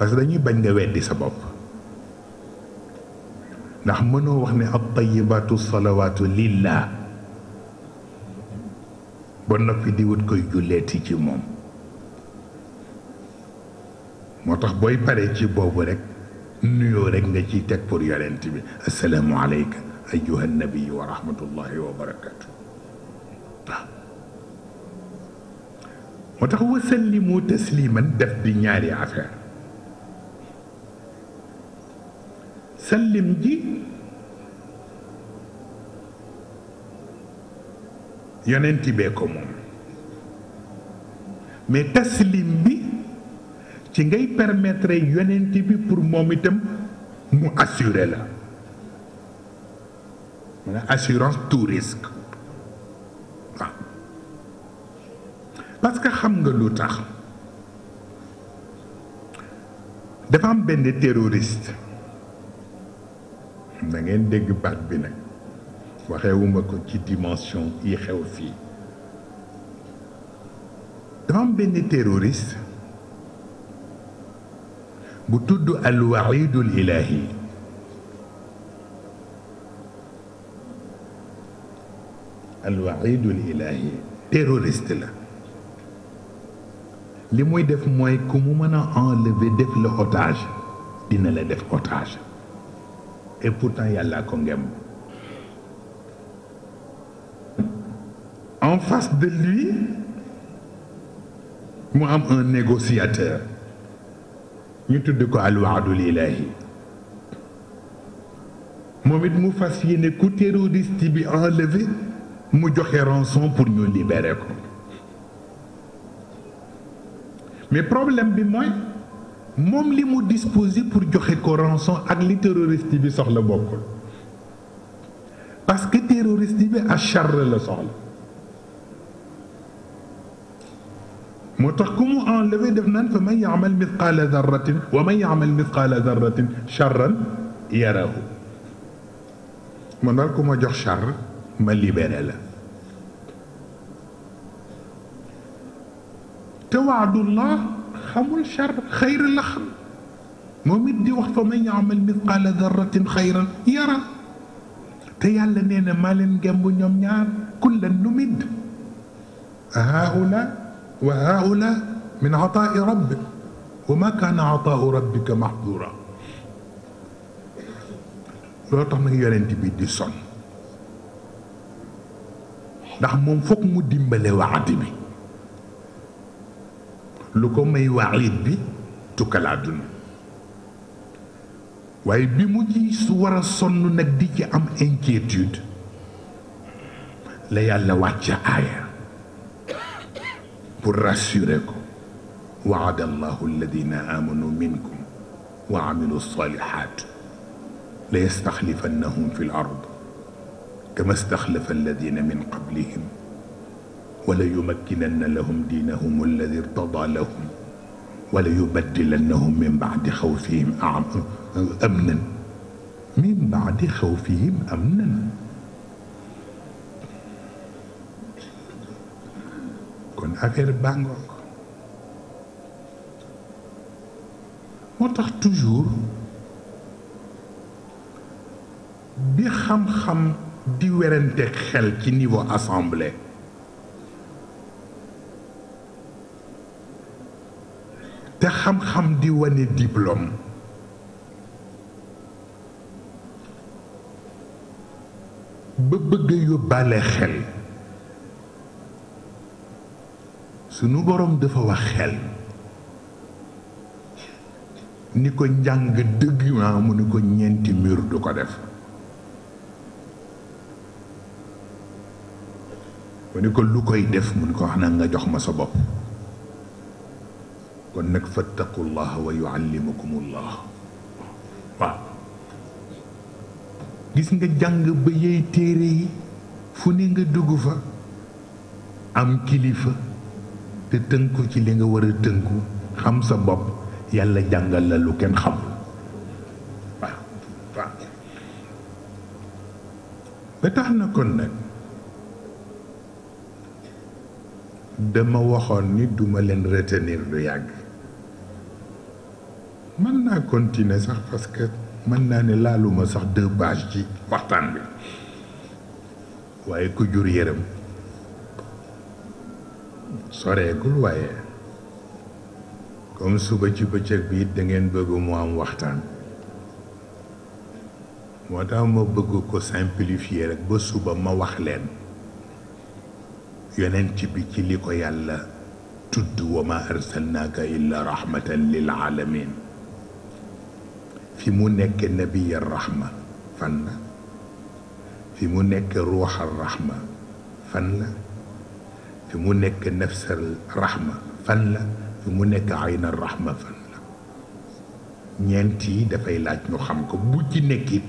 parce que dañuy bañ nga weddi sa bopp ndax mënoo wax ni ab tayibaatu salawaatu lillah ba noppi di wut koy julleeti ci moom moo tax booy pare ci boobu rek nuyoo rek nga ciy teg pour yonent bi asalaamu aleyka ayuha nabiyu wa rahmatullahi moo tax wa wasallimu tasliman def bi ñaari affaire sallim ji yonenti bee ko moom mais taslim bi ci ngay permettre yonenti bi pour moom itam mu assurer la maanaam assurance tout parce que xam nga lu tax dafa am benn terroriste da ngeen dégg baat bi nag waxewuma ko ci dimension yi xew fii dafa am benn terroriste bu tudd alwaidul ilahi alwaidul ilahi terroriste la li mooy def mooy ku mu mën a enlever def la otage dina la def otage et pourtant yàlla ko ngem en face de lui mu am un négociateur ñu tudd ko alwaadul ilahi moom it mu fas yéene ku terroriste bi enlever mu joxe rançon pour ñu libérer ko mais problème bi mooy moom li mu disposé pour joxe ko rançon ak li terroriste bi soxla bokkul parce que terroriste bi achar la soxla moo tax ku mu enlevé def naan fa man yaamal mithqaala darratin wa man yaamal mithqaala darratin charran yarahu man daal ku ma jox char ma libéré la te waadullah xamul char xayr la xam moom it di wax fa man yaamal mithqaala darratin xayran yara te yàlla nee na maa leen gemb ñoom ñaar kullan numidd haula wa haula min ataai rabbik wa ma kaana ataau rabbika mahdura loolu tax nag yonent bi di son ndax moom foog mu dimbale waati bi lu ko may waxiit bi tukkal àdduna waaye bi mu ci su war a sonn nag di ci am inquiétude la yàlla wàcc aaya pour rassurer ko waada allahu alladina amanu minkum wa amilu salihat la yastaxlifannahum fi l ard kama staxlafa alladina min qablihim وليمكنن لهم دينهم الذي ارتضى لهم وليبدلنهم من بعد خوفهم أمنا من بعد خوفهم أمنا kon affaire bàngoog moo tax toujours bi xam-xam di werante xel ci niveau assemblée te xam-xam di wane diplôme ba bëgg yóbbaale xel sunu boroom dafa wax xel ni ko njàng dëgg ma ah mu ni ko ñeenti mur du ko def mu ni ko lu koy def mu ni ko wax na nga jox ma sa bopp kon nag fattaqullah wa yuallimukumullah waaw gis nga jàng ba yey téere yi fu ni nga dugg fa am kilifa te tënku ci li nga war tënku xam sa bopp yàlla jàngal la lu kenn xam ba tax na kon nag dama waxoon ni duma leen retenir du yàgg mën naa continuer sax parce que mën naa ne laaluma sax deux pages ci waxtaan bi waaye ku jur yërëm soreegul waaye comme suba ci bëccëg bi dangeen da bëgg mu am waxtaan moo tax ma bëgg ko simplifier rek ba suba ma wax leen yonent bi ci li ko yàlla tudd wa ma arsalnaaka illa rahmatan lil alamin fi mu nekk nabiya rahma fan la fi mu nekk ruuxal rahma fan la fi mu nekk nafsal rahma fan la fi mu nekk aynal rahma fan la ñeent yi dafay laaj ñu xam ko bu ci nekkit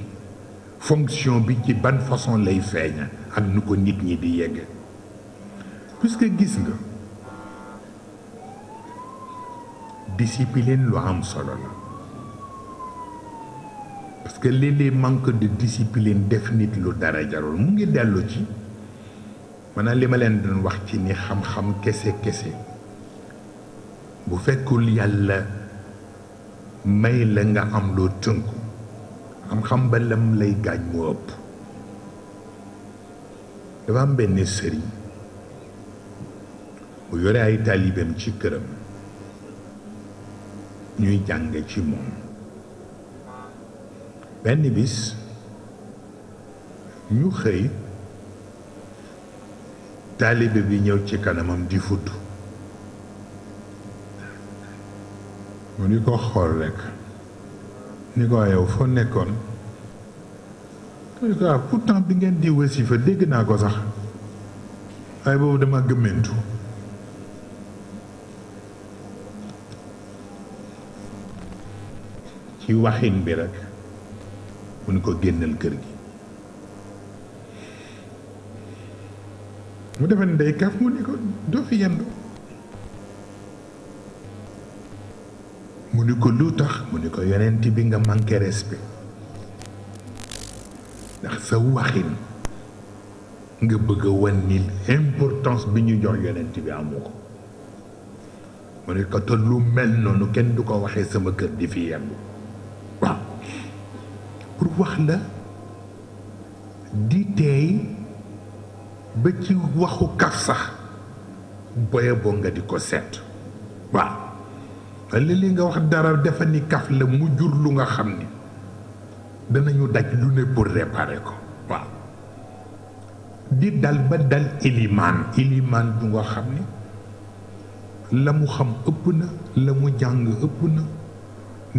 fonction bi ci ban façon lay feeña ak nu ko nit ñi di yegge puisque gis nga discipline lu am solo parce que léeg-léeg manque de discipline def nit lu dara jarul mu ngi dellu ci maanaam li ma leen doon wax ci ni xam-xam kese kese bu fekkul yàlla may la nga am loo tënku xam-xam ba lam lay gaañ moo ëpp dafa am benn sëriñ yore ay taalibeem ci këram ñuy jàng ci moom benn bis ñu xëy taalibe bi ñëw ci kanamam di fudd mu ni ko xool rekk ni ko yow foo nekkoon mu ni ah, bi ngeen di wasifa dégg naa ko sax waaye boobu dama gëmmentu ci waxin bi rekk mu ni ko génnal kër gi mu defe ne day kaf mu ni ko doo fi yendu mu ni ko lu tax mu ni ko yenent bi nga man manqué respect ndax sa waxin nga bëgg a wan ni importance bi ñu jox yonent bi amu ko mu ni ko te mel noonu kenn du ko waxee sama kër di fi yendu pour wax la di teey ba ci waxu kaf sax boye boo nga di ko seet waaw walla li nga wax dara dafa ni kaf la mu jur lu nga xam ni danañu daj lu ne pour réparer ko waaw di dal ba dal ilimaan ilimaan bu nga xam ni la mu xam ëpp na la mu jàng ëpp na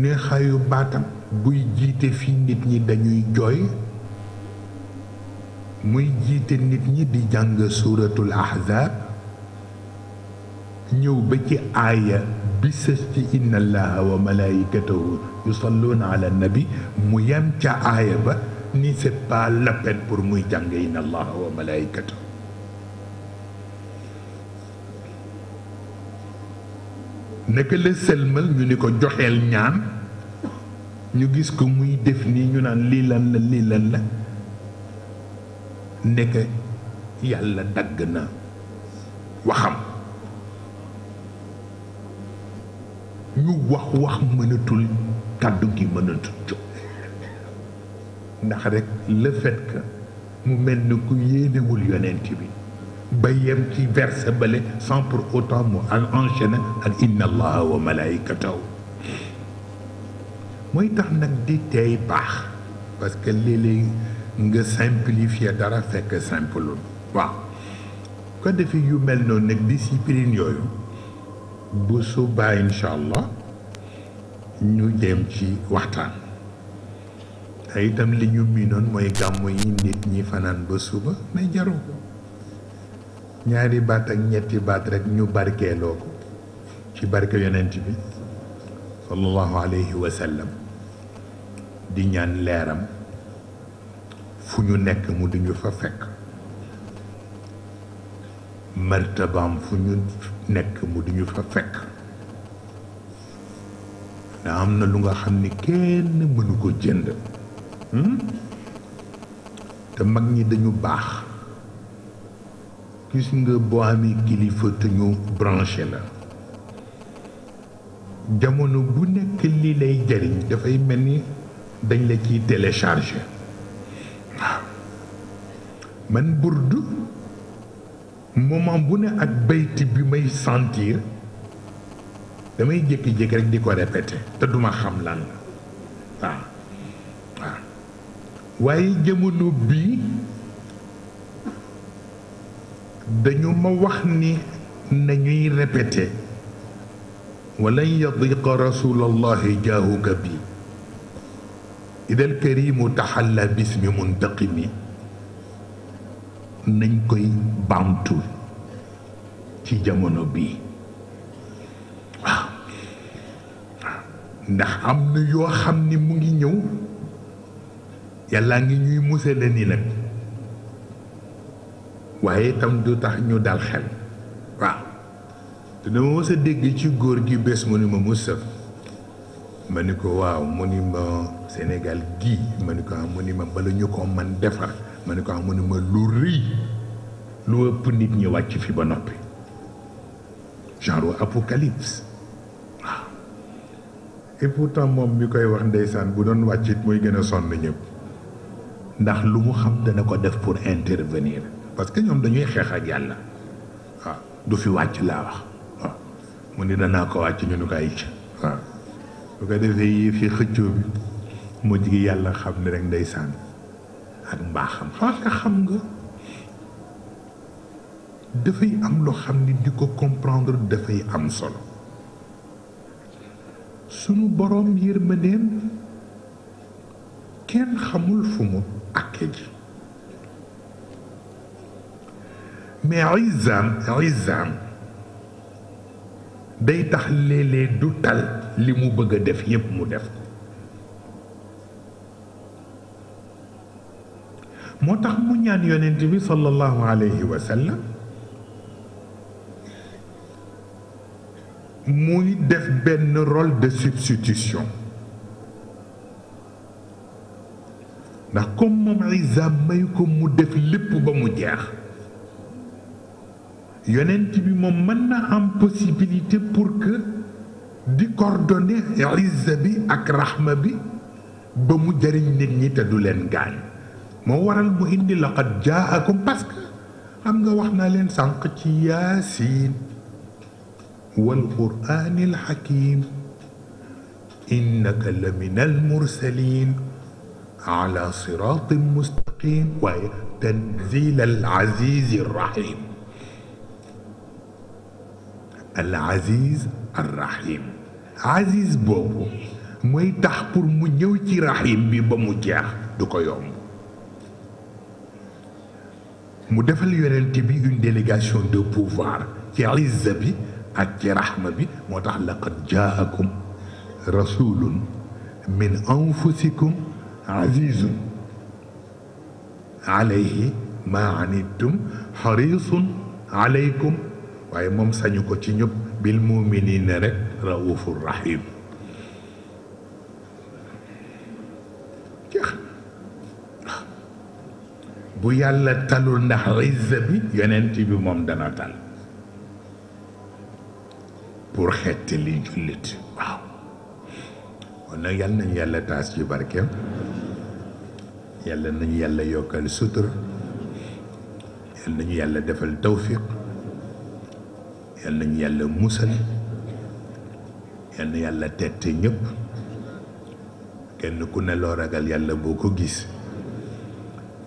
neexaayu baatam buy jiite fii nit ñi dañuy jooy muy jiite nit ñi di jàng suuratul ahzaab ñëw ba ci aaya bi sës ci inna allaha wa malaikatahu yusalluuna ala nabi mu yem ca aaya ba ni c'est pas pour muy jàng inna allaha wa malaikatahu naka la sëlmal ñu ni ko joxeel ñaan ñu gis ko muy def nii ñu naan lii lan la lii la nekk yàlla dagg na waxam ñu wax wax mënatul kàddu gi mënatul jóg ndax rek le fait mu mel ni ku yéenewul yonent bi ba yem ci verset bale sans pour autant mu enchaîner ak inna allaha wa malaikatahu mooy tax nag di tey baax parce que lii léeg nga simplifier dara fekk simple waaw ko defe yu mel noonu nag discipline yooyu bu subaa incha allah ñu dem ci waxtaan te itam li ñu miinoon mooy gàmmu yi nit ñi fanaan ba suba mais jaru ñaari baat ak ñetti baat rek ñu barkeeloo ko ci barke yonent bi sallallahu alayhi wa di ñaan leeram fu ñu nekk mu duñu fa fekk martabaam fu ñu nekk mu duñu fa fekk ndax am na lu nga xam ni kenn mënu ko jënd hmm? te mag ñi dañu baax gis nga boo amee kilifa te ñu branché la jamono bu nekk li lay jariñ dafay mel ni dañ la ciy téléchargé man burdu moment bu ne ak bayti bi may sentir damay jékki-jékki rek di ko répété te duma xam lan la waaye jamono bii dañu ma wax ni nañuy répété walan yadiqa rasulallahi jaahuka bii ida alkarimu taxalla bismi mi nañ koy bamtu ci jamono bi ndax am na yoo xam ni mu ngi ñëw yàlla ngi ñuy musale ni nag waaye itam du tax ñu dal xel waaw dina ma dégg ci góor gi bés mu ni ma Mustafa ma ni ko waaw mu ni ma Sénégal gii ma ni ko am ah, mu ni ma bala ñu ko man defar ma ni ko am ah, mu ni ma lu rëy lu ëpp nit ñi wàcc fi ba noppi genre apocalypse waaw moom mi koy wax ndeysaan bu doon wàccit muy gën a sonn ñëpp ndax lu mu xam dana ko def pour intervenir parce que ñoom dañuy xeex ak yàlla waaw du fi wàcc laa wax waaw mu ni danaa ko wàcc ñu nu ko ay waaw bu ko defee yii fi xëccoo bi moo gi yàlla xam ne rek ndeysaan ak mbaaxam parce que xam nga dafay am loo xam ni di ko comprendre dafay am solo sunu boroom yërmandeem kenn xamul fu mu àkke ji mais izam izam day tax léeg-léeg du tal li mu bëgg a def yépp mu def moo tax mu ñaan yonent bi sallallahu alayhi wa sallam muy def benn rôle de substitution ndax comme moom Isa may ko mu def lépp ba mu jeex yonent bi moom mën na am possibilité pour que di coordonner Isa bi ak raxma bi ba mu jariñ nit ñi te du leen gaañ moo waral mu indi laqad jaakum parce que xam nga wax naa leen sànq ci yaasin wal quraanil hakiim innaka la min al mursaliin ala siraatin mustaqiim waaye tanziil al aziizi rahiim al aziiz ar rahiim aziz boobu mooy tax pour mu ñëw ci rahiim bi ba mu jeex du ko yomb mu defal yonent bi une délégation de pouvoir ci izza bi ak ci rahma bi moo tax laqad jaakum rasulun min anfusikum azizun alayhi ma anittum xarisun alaykum waaye moom sañu ko ci ñëpp bil muminina rek raufur rahim jeex bu yàlla talul ndax izza bi yonent bi moom dana tal pour xett li jullit waaw kon nag yàlla nañu yàlla taas yu barkeem yàlla nañu yàlla yokkal sutura yàlla nañu yàlla defal tawfiq yàlla nañu yàlla musal yàlla yàlla tette ñëpp kenn ku ne ragal yàlla boo ko gis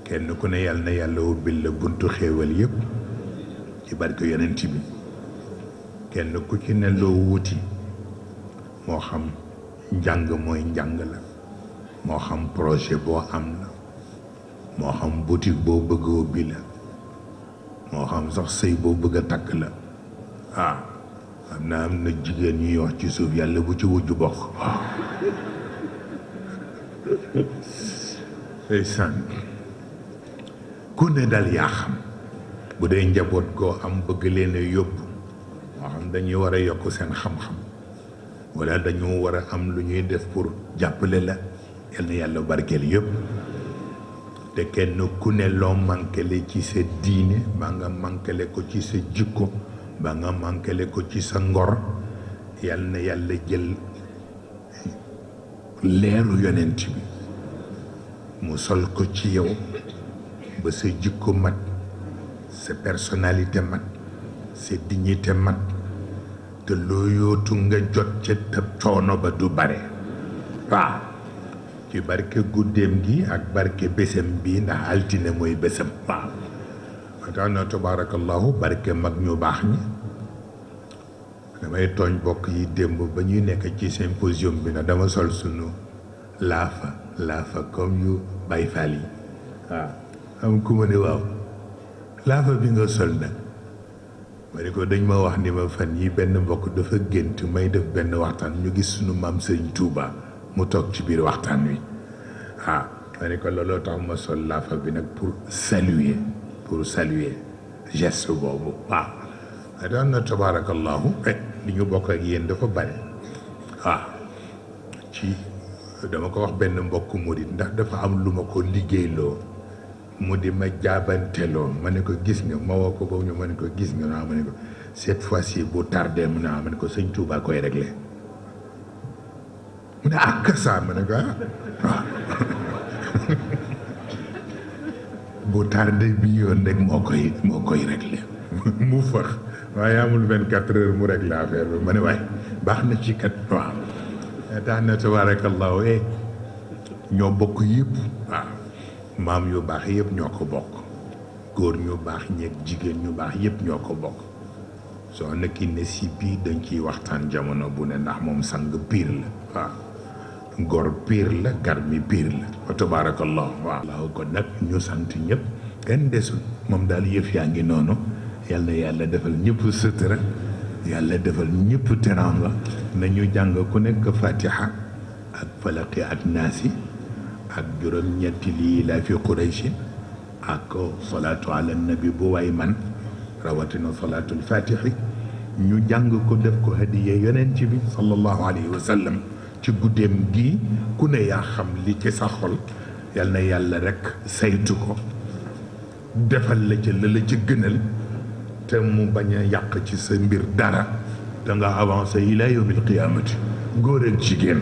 kenn ku ne yàlla na yàlla ubbil la buntu xéewal yëpp ci barke yonent bi kenn ku ci ne wuti moo xam njàng mooy njàng la moo xam projet boo am la moo xam boutique boo bëgg ubbi la moo xam sax sëy boo bëgg a takk la ah am na am na jigéen ñuy wax ci suuf yàlla bu ci wujju bokk ndeysaan ku ne dal yaa xam bu dee njaboot goo am bëgg leen a yóbbu xam dañuy war a yokk seen xam-xam wala dañu war a am lu ñuy def pour jàppale la yal na yàlla barkeel yépp te kenn ku ne loo manquele ci sa diine ba nga manquele ko ci sa jikko ba nga manquele ko ci sa ngor yal na yàlla jël leeru yonent bi mu sol ko ci yow ba sa jikko mat sa personnalité mat sa dignité mat te loo yootu nga jot ca tëb coono ba du bare waaw ci barke guddeem gi ak barke bésam bi ndax altine mooy bésam waaw watax na tabaarakallahu barke mag ñu baax ñi damay tooñ bokk yi démb ba ñuy nekk ci symposium bi na dama sol sunu laafa laafa comme yu Baay yi waaw am ku ma ne waaw laafa bi nga sol nag ma ne ko dañ ma wax ni ma fan yi benn mbokk dafa gént may def benn waxtaan ñu gis sunu maam sëñ tuuba mu toog ci biir waxtaan wi ah ma ne ko looloo tax sol laafa bi nag pour saluer pour saluer geste boobu waaw ma daan na tabarakallahu eh, li ñu bokk ak yéen dafa bare waaw ah, ci dama ko wax benn mbokk murit ndax dafa am lu ma ko liggéeyloo mu di ma jaabanteloon ma ne ko gis nga ma woo ko boobu ñu ma ne ko gis nga naa ma ne ko cette fois-ci bu tardé mu ne ah, ma ne ko sëñ Touba koy réglé mu ah, ma ne ko ah bu tardé bi yoon rek moo koy moo koy réglé mu fëx waaye amul vingt quatre heures mu réglé affaire bi ma ne waaye baax na ci kat waaw eh, ñoo bokk yëpp maam yu baax yépp ñoo ko bokk góor ñu baax ñeeg jigéen ñu baax yëpp ñoo ko bokk soo nekki ne si biir dañ ciy waxtaan jamono bu ne ndax moom sang piir la waaw gor piir la gar piir la wa tabaarakallah waaw laaw ko nag ñu sant ñëpp kenn desul moom daal yëf yaa ngi noonu yàlla yàlla defal ñëpp sutura yàlla defal ñëpp teraanga nañu jàng ku nekk fatiha ak falaqi ak naasi ak juróom ñetti lii laa fi Qurayshin ak salaatu ala nabi bu waay man rawatina salaatul fatihi ñu jàng ko def ko hadiya yonent bi sallallahu alayhi wa ci guddeem gi ku ne yaa xam li ci sa xol yal na yàlla rek saytu ko defal la ca la la gënal te mu bañ a yàq ci sa mbir dara da nga avancé ila yawmil qiyaamati góor jigéen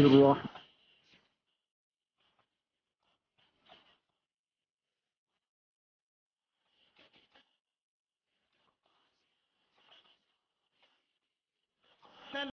الله الرحمن